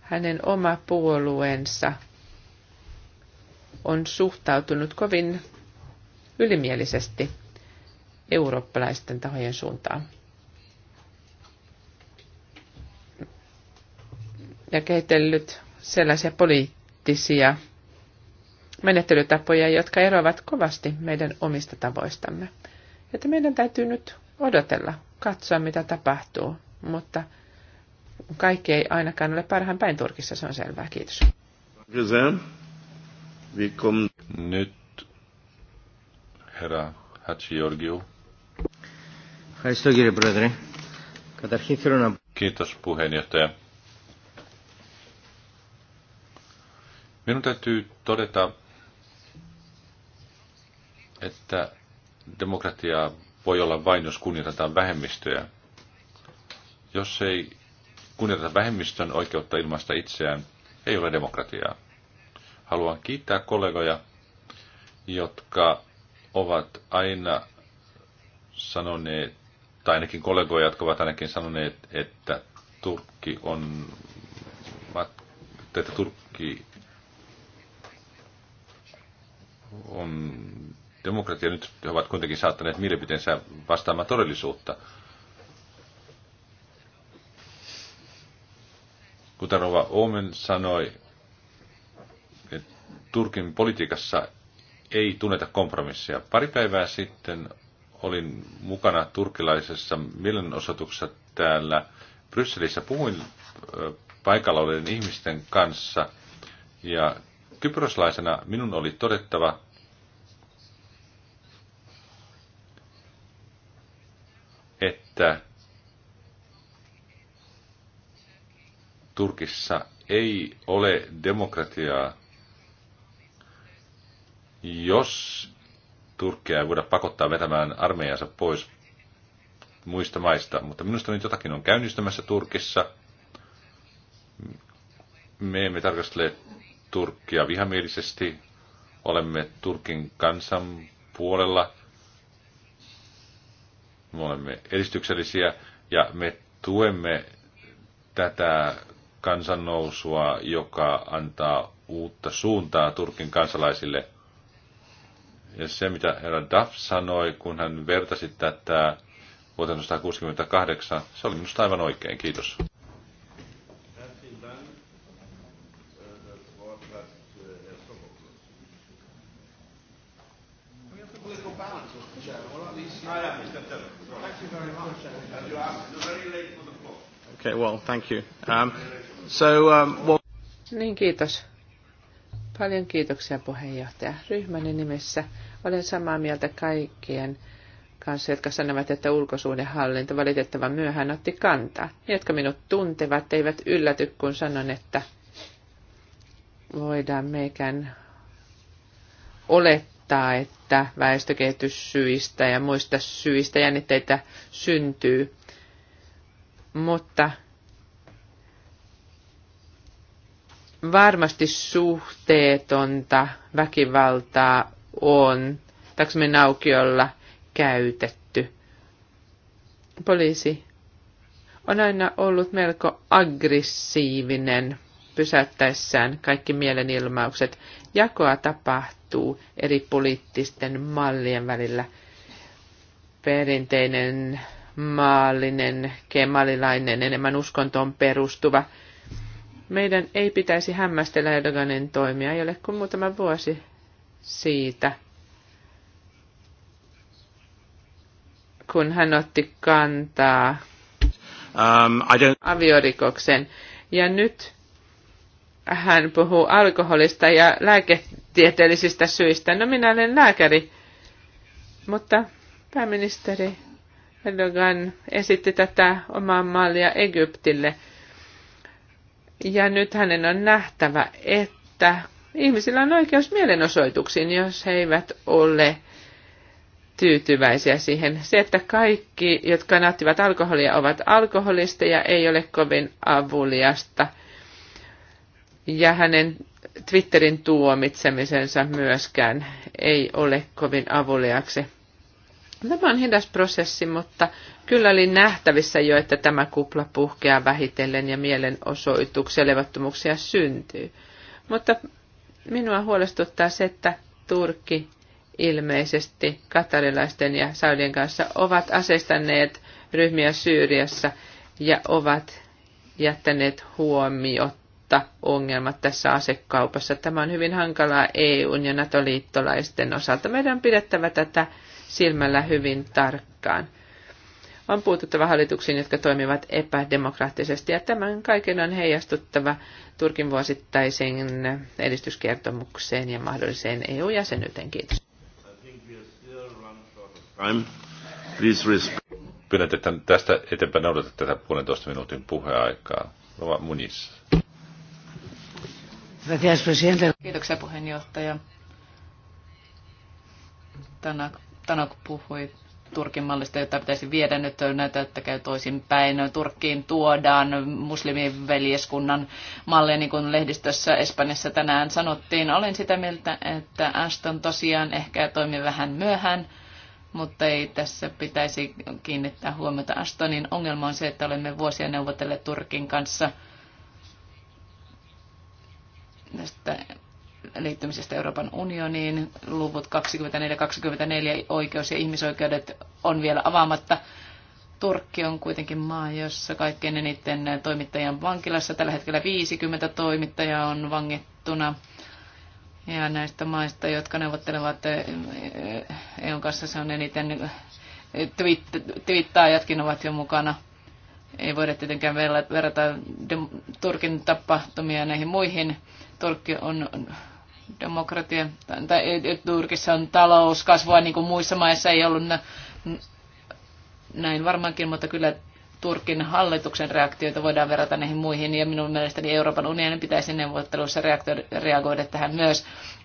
Speaker 2: Hänen oma puolueensa on suhtautunut kovin ylimielisesti eurooppalaisten tahojen suuntaan. Ja kehitellyt sellaisia poliittisia menettelytapoja, jotka eroavat kovasti meidän omista tavoistamme. Että meidän täytyy nyt odotella, katsoa mitä tapahtuu, mutta kaikki ei ainakaan ole parhaan päin Turkissa, se on selvää. Kiitos.
Speaker 1: Nyt herra Hatsi-Georgiou. Kiitos puheenjohtaja. Minun täytyy todeta, että demokratiaa voi olla vain, jos kunnioitetaan vähemmistöjä. Jos ei kunnioiteta vähemmistön oikeutta ilmaista itseään, ei ole demokratiaa. Haluan kiittää kollegoja, jotka ovat aina sanoneet, tai ainakin kollegoja, jotka ovat ainakin sanoneet, että Turkki on, että Turkki on demokratia nyt he ovat kuitenkin saattaneet mielipiteensä vastaamaan todellisuutta. Kuten Rova Omen sanoi, että Turkin politiikassa ei tunneta kompromissia. Pari päivää sitten olin mukana turkilaisessa mielenosoituksessa täällä Brysselissä. Puhuin paikalla olevien ihmisten kanssa ja kyproslaisena minun oli todettava, että Turkissa ei ole demokratiaa, jos Turkkia ei voida pakottaa vetämään armeijansa pois muista maista. Mutta minusta nyt jotakin on käynnistymässä Turkissa. Me emme tarkastele Turkkia vihamielisesti. Olemme Turkin kansan puolella me olemme edistyksellisiä ja me tuemme tätä kansannousua, joka antaa uutta suuntaa Turkin kansalaisille. Ja se, mitä herra Duff sanoi, kun hän vertasi tätä vuoteen 1968, se oli minusta aivan oikein. Kiitos.
Speaker 2: Okay, well, thank you. Um, so, um, well... Niin, kiitos. Paljon kiitoksia puheenjohtaja. Ryhmäni nimessä olen samaa mieltä kaikkien kanssa, jotka sanovat, että ulkosuhdehallinto valitettavan myöhään otti kantaa. Ne, jotka minut tuntevat, eivät ylläty, kun sanon, että voidaan meikän olettaa, että väestökehityssyistä ja muista syistä jännitteitä syntyy mutta varmasti suhteetonta väkivaltaa on taksimen aukiolla käytetty. Poliisi on aina ollut melko aggressiivinen pysäyttäessään kaikki mielenilmaukset. Jakoa tapahtuu eri poliittisten mallien välillä. Perinteinen maallinen, kemalilainen, enemmän uskontoon perustuva. Meidän ei pitäisi hämmästellä Erdoganin toimia, ei ole kuin muutama vuosi siitä, kun hän otti kantaa um, aviorikoksen. Ja nyt hän puhuu alkoholista ja lääketieteellisistä syistä. No minä olen lääkäri, mutta pääministeri Erdogan esitti tätä omaa mallia Egyptille. Ja nyt hänen on nähtävä, että ihmisillä on oikeus mielenosoituksiin, jos he eivät ole tyytyväisiä siihen. Se, että kaikki, jotka nauttivat alkoholia, ovat alkoholisteja, ei ole kovin avuliasta. Ja hänen Twitterin tuomitsemisensa myöskään ei ole kovin avuliaksi. Tämä on hidas prosessi, mutta kyllä oli nähtävissä jo, että tämä kupla puhkeaa vähitellen ja mielenosoituksia, levottomuuksia syntyy. Mutta minua huolestuttaa se, että Turkki ilmeisesti katarilaisten ja saudien kanssa ovat aseistaneet ryhmiä Syyriassa ja ovat jättäneet huomiotta ongelmat tässä asekaupassa. Tämä on hyvin hankalaa EUn ja NATO-liittolaisten osalta. Meidän on pidettävä tätä silmällä hyvin tarkkaan. On puututtava hallituksiin, jotka toimivat epädemokraattisesti, ja tämän kaiken on heijastuttava Turkin vuosittaisen edistyskertomukseen ja mahdolliseen EU-jäsenyyteen. Kiitos.
Speaker 1: Pyydän, että tästä eteenpäin noudatatte tätä puolentoista minuutin puheaikaa. Lova Munis.
Speaker 3: Kiitoksia puheenjohtaja. Tanak Tanok puhui Turkin mallista, jota pitäisi viedä nyt näitä, että käy toisinpäin. Turkkiin tuodaan muslimin veljeskunnan malleja, niin kuin lehdistössä Espanjassa tänään sanottiin. Olen sitä mieltä, että Aston tosiaan ehkä toimi vähän myöhään, mutta ei tässä pitäisi kiinnittää huomiota Astonin. Ongelma on se, että olemme vuosia neuvotelleet Turkin kanssa tästä liittymisestä Euroopan unioniin. Luvut 24-24 oikeus ja ihmisoikeudet on vielä avaamatta. Turkki on kuitenkin maa, jossa kaikkein eniten toimittajien vankilassa. Tällä hetkellä 50 toimittajaa on vangittuna. Ja näistä maista, jotka neuvottelevat eh, eh, EUn kanssa, se on eniten eh, twittaajatkin ovat jo mukana. Ei voida tietenkään verrata Turkin tapahtumia näihin muihin. Turkki on demokratia, tai Turkissa on talouskasvua niin kuin muissa maissa ei ollut näin varmaankin, mutta kyllä Turkin hallituksen reaktioita voidaan verrata näihin muihin, ja minun mielestäni Euroopan unionin pitäisi neuvotteluissa reagoida tähän myös,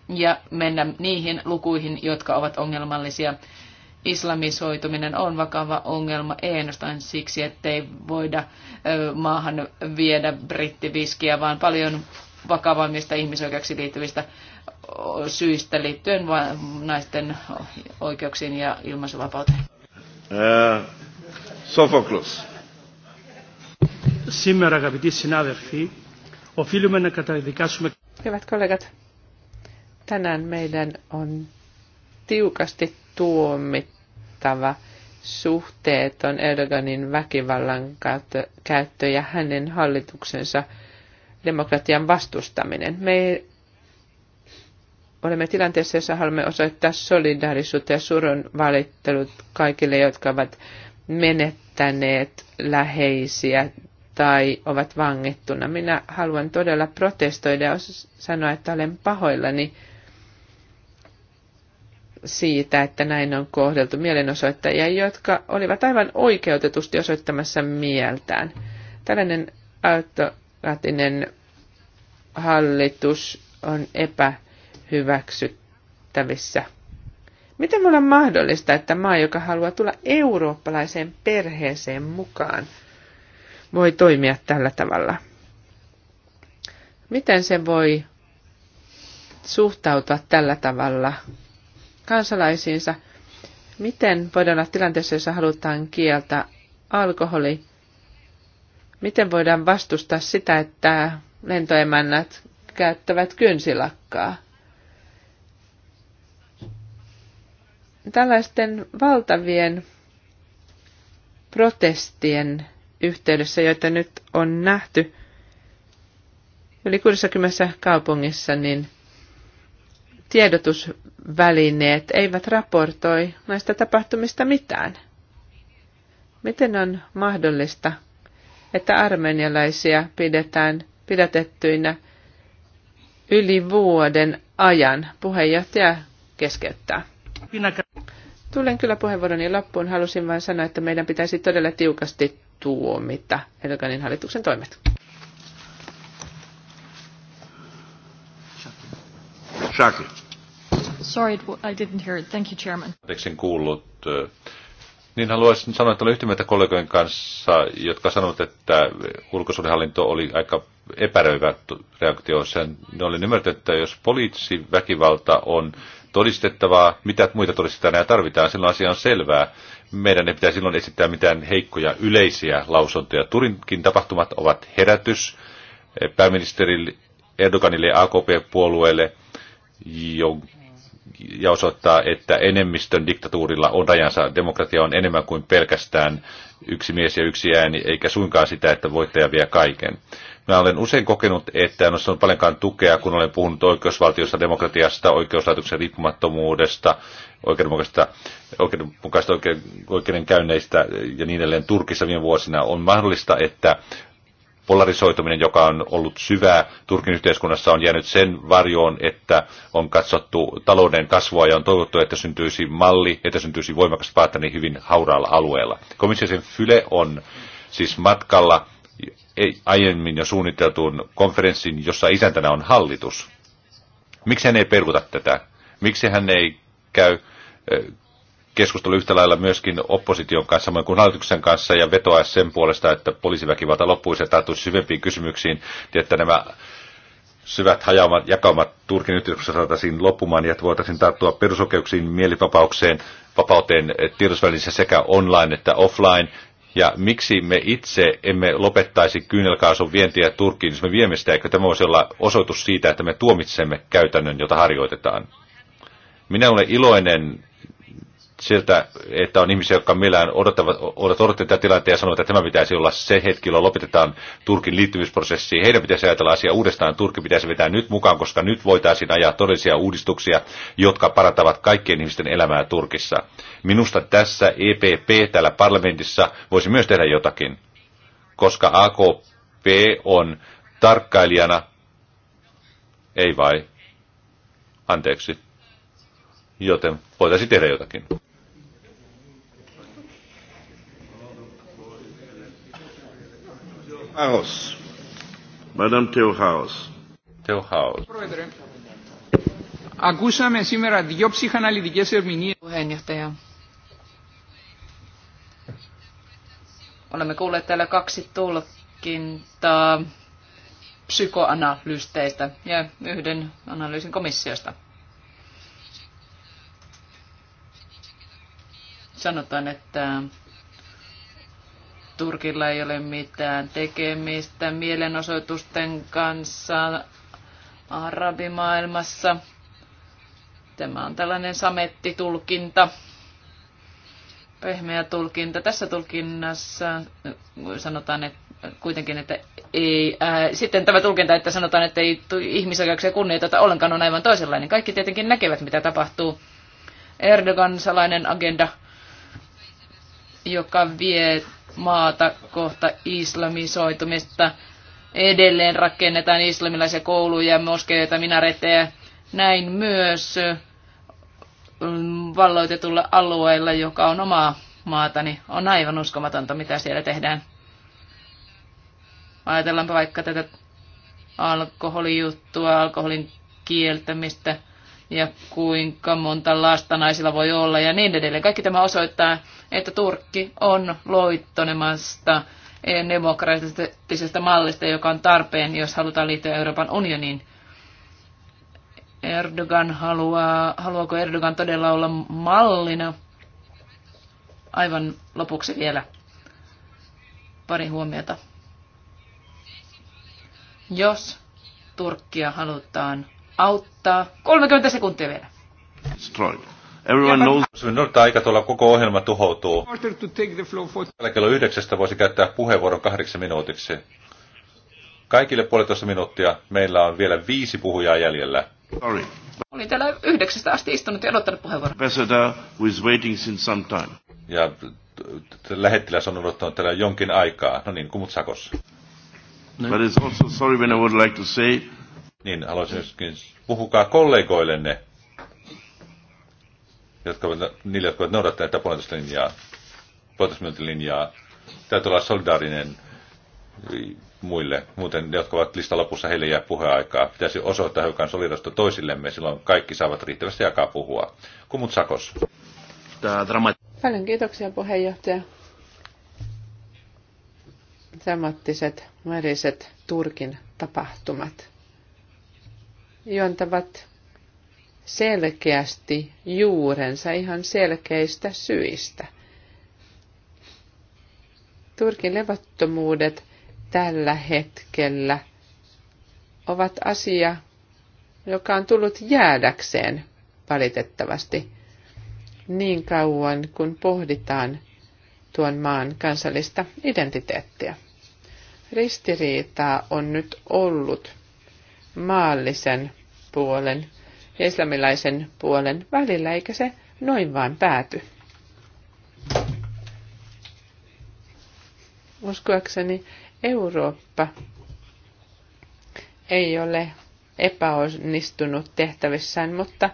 Speaker 3: ja mennä niihin lukuihin, jotka ovat ongelmallisia. Islamisoituminen on vakava ongelma, ei ainoastaan siksi, ettei voida maahan viedä brittiviskiä, vaan paljon vakavammista ihmisoikeuksiin liittyvistä syistä liittyen naisten oikeuksiin ja ilmaisuvapauteen.
Speaker 1: Ää, äh, Sofoklos.
Speaker 3: Σήμερα αγαπητοί συνάδελφοι, οφείλουμε να
Speaker 2: καταδικάσουμε... Hyvät kollegat, tänään meidän on tiukasti tuomittava suhteeton Erdoganin väkivallan käyttö ja hänen hallituksensa demokratian vastustaminen. Me olemme tilanteessa, jossa haluamme osoittaa solidaarisuutta ja surun valittelut kaikille, jotka ovat menettäneet läheisiä tai ovat vangittuna. Minä haluan todella protestoida ja sanoa, että olen pahoillani siitä, että näin on kohdeltu mielenosoittajia, jotka olivat aivan oikeutetusti osoittamassa mieltään. Tällainen autoratinen hallitus on epä hyväksyttävissä. Miten voi olla mahdollista, että maa, joka haluaa tulla eurooppalaiseen perheeseen mukaan, voi toimia tällä tavalla? Miten se voi suhtautua tällä tavalla kansalaisiinsa? Miten voidaan olla tilanteessa, jossa halutaan kieltää alkoholi? Miten voidaan vastustaa sitä, että lentoemännät käyttävät kynsilakkaa? tällaisten valtavien protestien yhteydessä, joita nyt on nähty yli 60 kaupungissa, niin tiedotusvälineet eivät raportoi näistä tapahtumista mitään. Miten on mahdollista, että armenialaisia pidetään pidätettyinä yli vuoden ajan puheenjohtaja keskeyttää? Tulen kyllä puheenvuoroni loppuun. Halusin vain sanoa, että meidän pitäisi todella tiukasti tuomita Erdoganin hallituksen toimet.
Speaker 1: Shaki.
Speaker 3: Sorry, I didn't hear it. Thank you, Chairman.
Speaker 1: Anteeksin kuullut. Niin haluaisin sanoa, että olen yhtä kollegojen kanssa, jotka sanovat, että ulkosuudenhallinto oli aika epäröivä reaktio. Sen, ne oli ymmärtänyt, että jos poliitsi väkivalta on todistettavaa, mitä muita todistettavaa tarvitaan, silloin asia on selvää. Meidän ei pitäisi silloin esittää mitään heikkoja yleisiä lausuntoja. Turinkin tapahtumat ovat herätys eh, pääministeri Erdoganille ja AKP-puolueelle, ja osoittaa, että enemmistön diktatuurilla on rajansa. Demokratia on enemmän kuin pelkästään yksi mies ja yksi ääni, eikä suinkaan sitä, että voittaja vie kaiken. Minä olen usein kokenut, että en ole saanut paljonkaan tukea, kun olen puhunut oikeusvaltiosta, demokratiasta, oikeuslaitoksen riippumattomuudesta, oikeudenmukaisista, oikeudenmukaisista oikeuden, oikeudenkäynneistä ja niin edelleen Turkissa viime vuosina. On mahdollista, että polarisoituminen, joka on ollut syvää Turkin yhteiskunnassa, on jäänyt sen varjoon, että on katsottu talouden kasvua ja on toivottu, että syntyisi malli, että syntyisi voimakas päätä niin hyvin hauraalla alueella. Komissiosen Fyle on siis matkalla aiemmin jo suunniteltuun konferenssiin, jossa isäntänä on hallitus. Miksi hän ei peruta tätä? Miksi hän ei käy keskustelu yhtä lailla myöskin opposition kanssa, samoin kuin hallituksen kanssa, ja vetoa sen puolesta, että poliisiväkivalta loppuisi ja tarttuisi syvempiin kysymyksiin, niin että nämä syvät hajaumat, jakaumat Turkin yhteydessä saataisiin loppumaan ja niin että voitaisiin tarttua perusoikeuksiin, mielipapaukseen, vapauteen tiedotusvälissä sekä online että offline ja miksi me itse emme lopettaisi kyynelkaasun vientiä Turkkiin, jos me viemme sitä, eikö tämä voisi olla osoitus siitä, että me tuomitsemme käytännön, jota harjoitetaan. Minä olen iloinen siltä, että on ihmisiä, jotka millään odottavat, odottavat tätä tilannetta ja sanovat, että tämä pitäisi olla se hetki, jolloin lopetetaan Turkin liittymisprosessi. Heidän pitäisi ajatella asiaa uudestaan. Turkki pitäisi vetää nyt mukaan, koska nyt voitaisiin ajaa todellisia uudistuksia, jotka parantavat kaikkien ihmisten elämää Turkissa. Minusta tässä EPP täällä parlamentissa voisi myös tehdä jotakin, koska AKP on tarkkailijana. Ei vai? Anteeksi joten voitaisiin tehdä jotakin. Haus. Madame Teohaus. Teohaus.
Speaker 2: Πρόεδρε, ακούσαμε σήμερα δύο ψυχαναλυτικές ερμηνείες.
Speaker 3: Puheenjohtaja. Olemme kuulleet täällä kaksi tulkintaa psykoanalyysteistä ja yhden analyysin komissiosta. Sanotaan, että Turkilla ei ole mitään tekemistä mielenosoitusten kanssa arabimaailmassa. Tämä on tällainen samettitulkinta, pehmeä tulkinta. Tässä tulkinnassa äh, sanotaan, että kuitenkin, että ei, ää, äh, sitten tämä tulkinta, että sanotaan, että ei ihmisoikeuksia kunnioiteta ollenkaan, on aivan toisenlainen. Kaikki tietenkin näkevät, mitä tapahtuu. Erdogan-salainen agenda – joka vie maata kohta islamisoitumista. Edelleen rakennetaan islamilaisia kouluja, moskeja, minareteja. Näin myös mm, valloitetulla alueella, joka on omaa maatani. On aivan uskomatonta, mitä siellä tehdään. Ajatellaanpa vaikka tätä alkoholijuttua, alkoholin kieltämistä – ja kuinka monta lasta naisilla voi olla ja niin edelleen. Kaikki tämä osoittaa, että Turkki on loittonemasta demokraattisesta mallista, joka on tarpeen, jos halutaan liittyä Euroopan unioniin. Erdogan haluaa, haluaako Erdogan todella olla mallina? Aivan lopuksi vielä pari huomiota. Jos Turkkia halutaan auttaa. 30 sekuntia vielä.
Speaker 2: Destroyed. Everyone
Speaker 3: knows.
Speaker 1: Noudattaa aika tuolla koko ohjelma tuhoutuu. Tällä kello yhdeksästä voisi käyttää puheenvuoron kahdeksan minuutiksi. Kaikille puolitoista minuuttia meillä on vielä viisi puhujaa jäljellä. Sorry.
Speaker 3: Olin täällä yhdeksästä asti istunut ja odottanut puheenvuoron.
Speaker 1: Ambassador who waiting since some time. Ja lähettiläs on odottanut täällä jonkin aikaa. No niin, kumut sakossa. No. But it's also sorry when I would like to say niin, haluaisin myöskin, puhukaa kollegoillenne, jotka, niille, jotka noudattaa tätä puolentoista linjaa, Täytyy olla solidaarinen muille. Muuten ne, jotka ovat listan lopussa, heille jää puheaikaa. Pitäisi osoittaa hiukan solidarista toisillemme, silloin kaikki saavat riittävästi aikaa puhua. Kumut Sakos.
Speaker 2: Paljon kiitoksia puheenjohtaja. Dramaattiset, väriset Turkin tapahtumat juontavat selkeästi juurensa ihan selkeistä syistä. Turkin levottomuudet tällä hetkellä ovat asia, joka on tullut jäädäkseen valitettavasti niin kauan, kun pohditaan tuon maan kansallista identiteettiä. Ristiriitaa on nyt ollut maallisen puolen ja islamilaisen puolen välillä, eikä se noin vain pääty. Uskoakseni Eurooppa ei ole epäonnistunut tehtävissään, mutta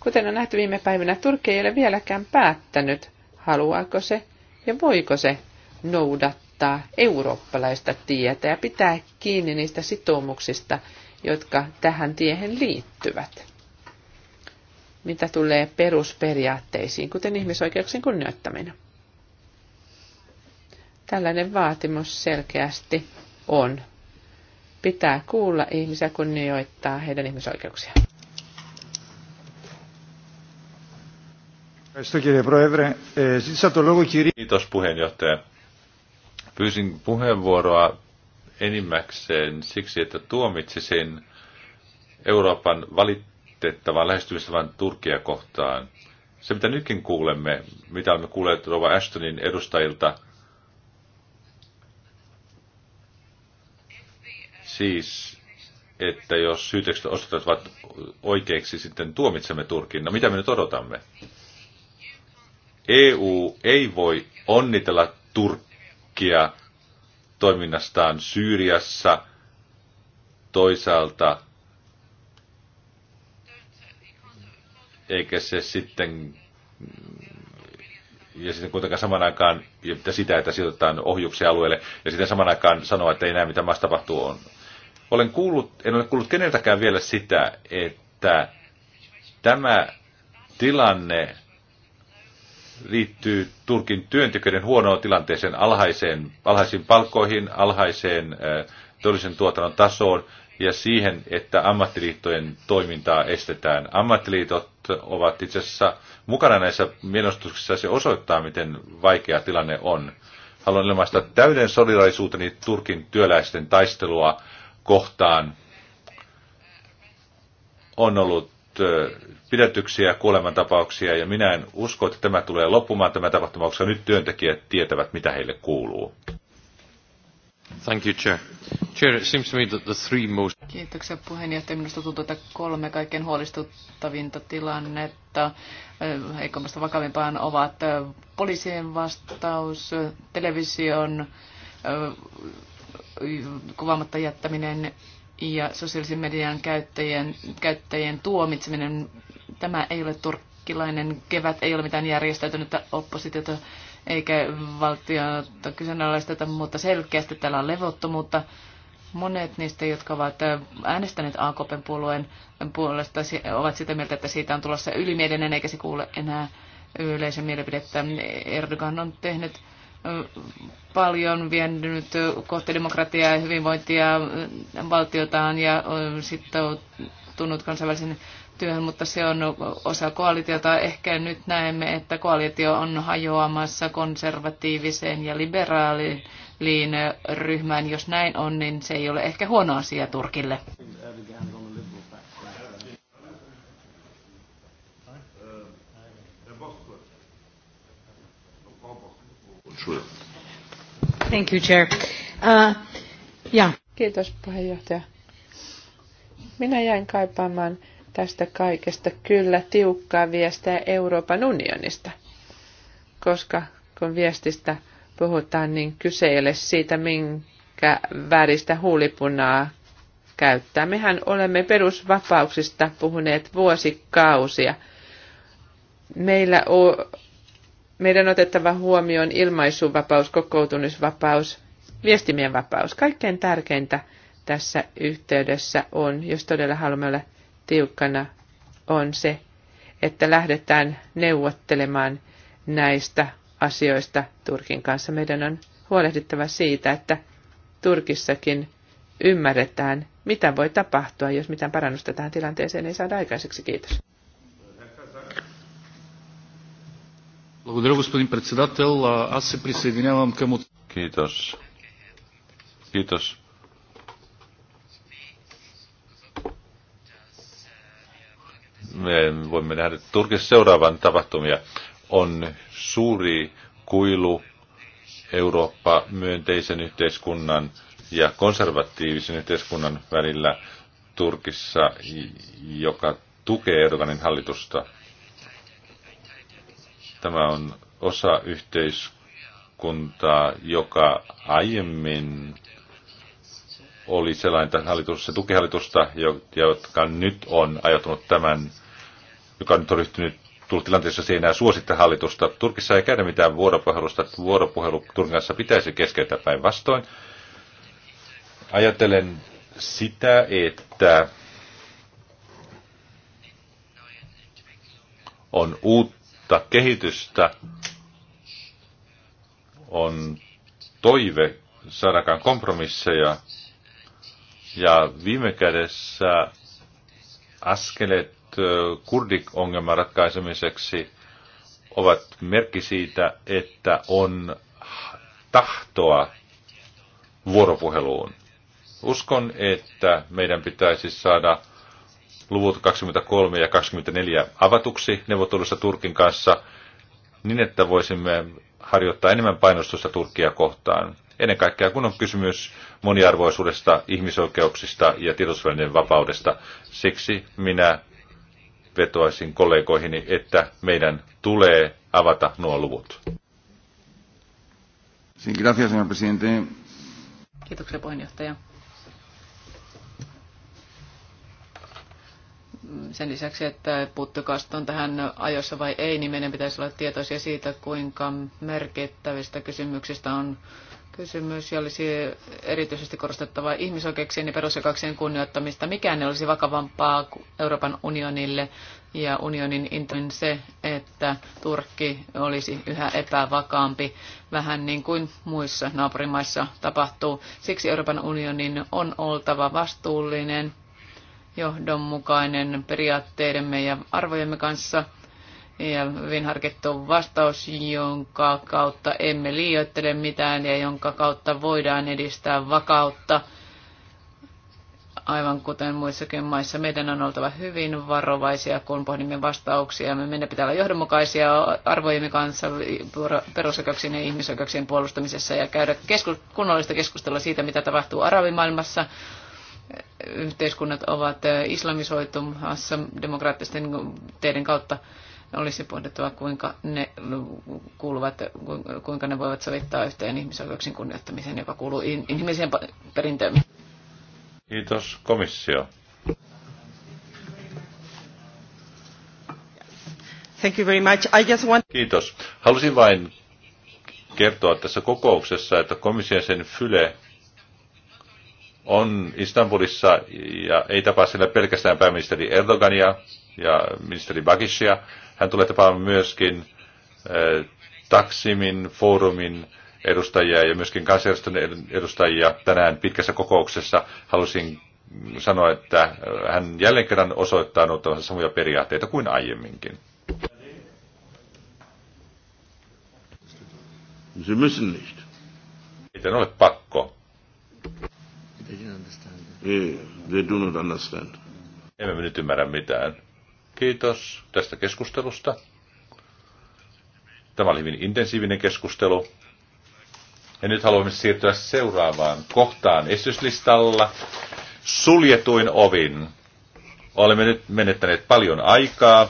Speaker 2: kuten on nähty viime päivinä, Turkki ei ole vieläkään päättänyt, haluaako se ja voiko se noudattaa eurooppalaista tietä ja pitää kiinni niistä sitoumuksista, jotka tähän tiehen liittyvät. Mitä tulee perusperiaatteisiin, kuten ihmisoikeuksien kunnioittaminen. Tällainen vaatimus selkeästi on. Pitää kuulla ihmisiä kunnioittaa heidän ihmisoikeuksiaan.
Speaker 1: Kiitos puheenjohtaja. Pyysin puheenvuoroa enimmäkseen siksi, että sen Euroopan valitettavan lähestymistavan Turkia kohtaan. Se, mitä nytkin kuulemme, mitä olemme kuulleet Rova Ashtonin edustajilta, siis, että jos syytekstit osoittavat oikeiksi, sitten tuomitsemme Turkin. No mitä me nyt odotamme? EU ei voi onnitella Turkkia toiminnastaan Syyriassa, toisaalta eikä se sitten ja sitten kuitenkaan saman aikaan ja sitä, että sijoitetaan ohjuksia alueelle ja sitten saman aikaan sanoa, että ei näe mitä maassa tapahtuu on. Olen kuullut, en ole kuullut keneltäkään vielä sitä, että tämä tilanne liittyy Turkin työntekijöiden huonoon tilanteeseen, alhaiseen, alhaisiin palkkoihin, alhaiseen teollisen tuotannon tasoon ja siihen, että ammattiliittojen toimintaa estetään. Ammattiliitot ovat itse asiassa mukana näissä mienostuksissa. Se osoittaa, miten vaikea tilanne on. Haluan ilmaista täyden solidaisuuteni Turkin työläisten taistelua kohtaan. On ollut pidätyksiä, kuolemantapauksia, ja minä en usko, että tämä tulee loppumaan tämä tapahtuma, koska nyt työntekijät tietävät, mitä heille kuuluu. Thank you, Chair. Chair, it seems to me that the three most...
Speaker 3: Kiitoksia puheenjohtaja. Minusta tuntuu, että kolme kaikkein huolestuttavinta tilannetta heikommasta vakavimpaan ovat poliisien vastaus, television kuvaamatta jättäminen ja sosiaalisen median käyttäjien, käyttäjien tuomitseminen. Tämä ei ole turkkilainen kevät, ei ole mitään järjestäytynyttä oppositiota eikä valtiota kyseenalaisteta, mutta selkeästi täällä on levottomuutta. Monet niistä, jotka ovat äänestäneet AKPn puolueen puolesta, ovat sitä mieltä, että siitä on tulossa ylimielinen eikä se kuule enää yleisen mielipidettä. Erdogan on tehnyt paljon viennyt kohti demokratiaa ja hyvinvointia valtiotaan ja on sitoutunut kansainvälisen työhön, mutta se on osa koalitiota. Ehkä nyt näemme, että koalitio on hajoamassa konservatiiviseen ja liberaaliin ryhmään. Jos näin on, niin se ei ole ehkä huono asia Turkille.
Speaker 1: Uh,
Speaker 2: Kiitos puheenjohtaja. Minä jäin kaipaamaan tästä kaikesta kyllä tiukkaa viestiä Euroopan unionista, koska kun viestistä puhutaan, niin kyse ei ole siitä, minkä väristä huulipunaa käyttää. Mehän olemme perusvapauksista puhuneet vuosikausia. Meillä on meidän otettava huomioon ilmaisuvapaus, kokoutumisvapaus, viestimien vapaus. Kaikkein tärkeintä tässä yhteydessä on, jos todella haluamme olla tiukkana, on se, että lähdetään neuvottelemaan näistä asioista Turkin kanssa. Meidän on huolehdittava siitä, että Turkissakin ymmärretään, mitä voi tapahtua, jos mitään parannusta tähän tilanteeseen ei saada aikaiseksi. Kiitos.
Speaker 1: Kiitos. Kiitos. Me voimme nähdä Turkissa seuraavan tapahtumia. On suuri kuilu Eurooppa-myönteisen yhteiskunnan ja konservatiivisen yhteiskunnan välillä Turkissa, joka tukee Erdoganin hallitusta. Tämä on osa yhteiskuntaa, joka aiemmin oli sellainen hallitus, se tukihallitusta, joka nyt on ajatunut tämän, joka nyt on ryhtynyt tullut tilanteessa, se ei enää suosittaa hallitusta. Turkissa ei käydä mitään vuoropuhelusta, vuoropuhelu Turkin kanssa pitäisi keskeyttää päinvastoin. Ajattelen sitä, että on uutta uutta kehitystä on toive saadakaan kompromisseja ja viime kädessä askeleet kurdiongelman ratkaisemiseksi ovat merkki siitä, että on tahtoa vuoropuheluun. Uskon, että meidän pitäisi saada luvut 23 ja 24 avatuksi neuvottelussa Turkin kanssa niin, että voisimme harjoittaa enemmän painostusta Turkkia kohtaan. Ennen kaikkea kun on kysymys moniarvoisuudesta, ihmisoikeuksista ja tiedotusvälineen vapaudesta. Siksi minä vetoaisin kollegoihini, että meidän tulee avata nuo luvut.
Speaker 3: Kiitoksia puheenjohtaja. sen lisäksi, että on tähän ajossa vai ei, niin meidän pitäisi olla tietoisia siitä, kuinka merkittävistä kysymyksistä on kysymys, ja olisi erityisesti korostettava ihmisoikeuksien ja perusjakauksien kunnioittamista. Mikään ei olisi vakavampaa Euroopan unionille ja unionin intoin se, että Turkki olisi yhä epävakaampi, vähän niin kuin muissa naapurimaissa tapahtuu. Siksi Euroopan unionin on oltava vastuullinen johdonmukainen periaatteidemme ja arvojemme kanssa ja hyvin harkittu vastaus, jonka kautta emme liioittele mitään ja jonka kautta voidaan edistää vakautta. Aivan kuten muissakin maissa, meidän on oltava hyvin varovaisia, kun pohdimme vastauksia. Meidän pitää olla johdonmukaisia arvojemme kanssa perusoikeuksien ja ihmisoikeuksien puolustamisessa ja käydä kunnollista keskustelua siitä, mitä tapahtuu arabimaailmassa, yhteiskunnat ovat islamisoitumassa demokraattisten teiden kautta, olisi pohdittava, kuinka ne kuuluvat, kuinka ne voivat sovittaa yhteen ihmisoikeuksien kunnioittamiseen, joka kuuluu ihmisen perintöön.
Speaker 1: Kiitos komissio.
Speaker 3: Thank you very much. I just
Speaker 1: want... Kiitos. Halusin vain kertoa tässä kokouksessa, että komission sen Fyle on Istanbulissa ja ei tapaa siellä pelkästään pääministeri Erdogania ja ministeri Bagishia. Hän tulee tapaamaan myöskin eh, Taksimin, foorumin edustajia ja myöskin kansanjärjestön edustajia tänään pitkässä kokouksessa. Halusin sanoa, että eh, hän jälleen kerran osoittaa noita samoja periaatteita kuin aiemminkin. Sie müssen nicht. Ei ole pakko they do not understand. Emme nyt ymmärrä mitään. Kiitos tästä keskustelusta. Tämä oli hyvin intensiivinen keskustelu. Ja nyt haluamme siirtyä seuraavaan kohtaan esityslistalla. Suljetuin ovin. Olemme nyt menettäneet paljon aikaa.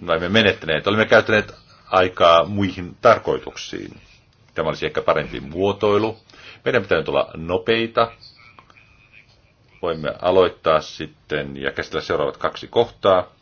Speaker 1: No emme menettäneet, olemme käyttäneet aikaa muihin tarkoituksiin. Tämä olisi ehkä parempi muotoilu. Meidän pitää tulla nopeita. Voimme aloittaa sitten ja käsitellä seuraavat kaksi kohtaa.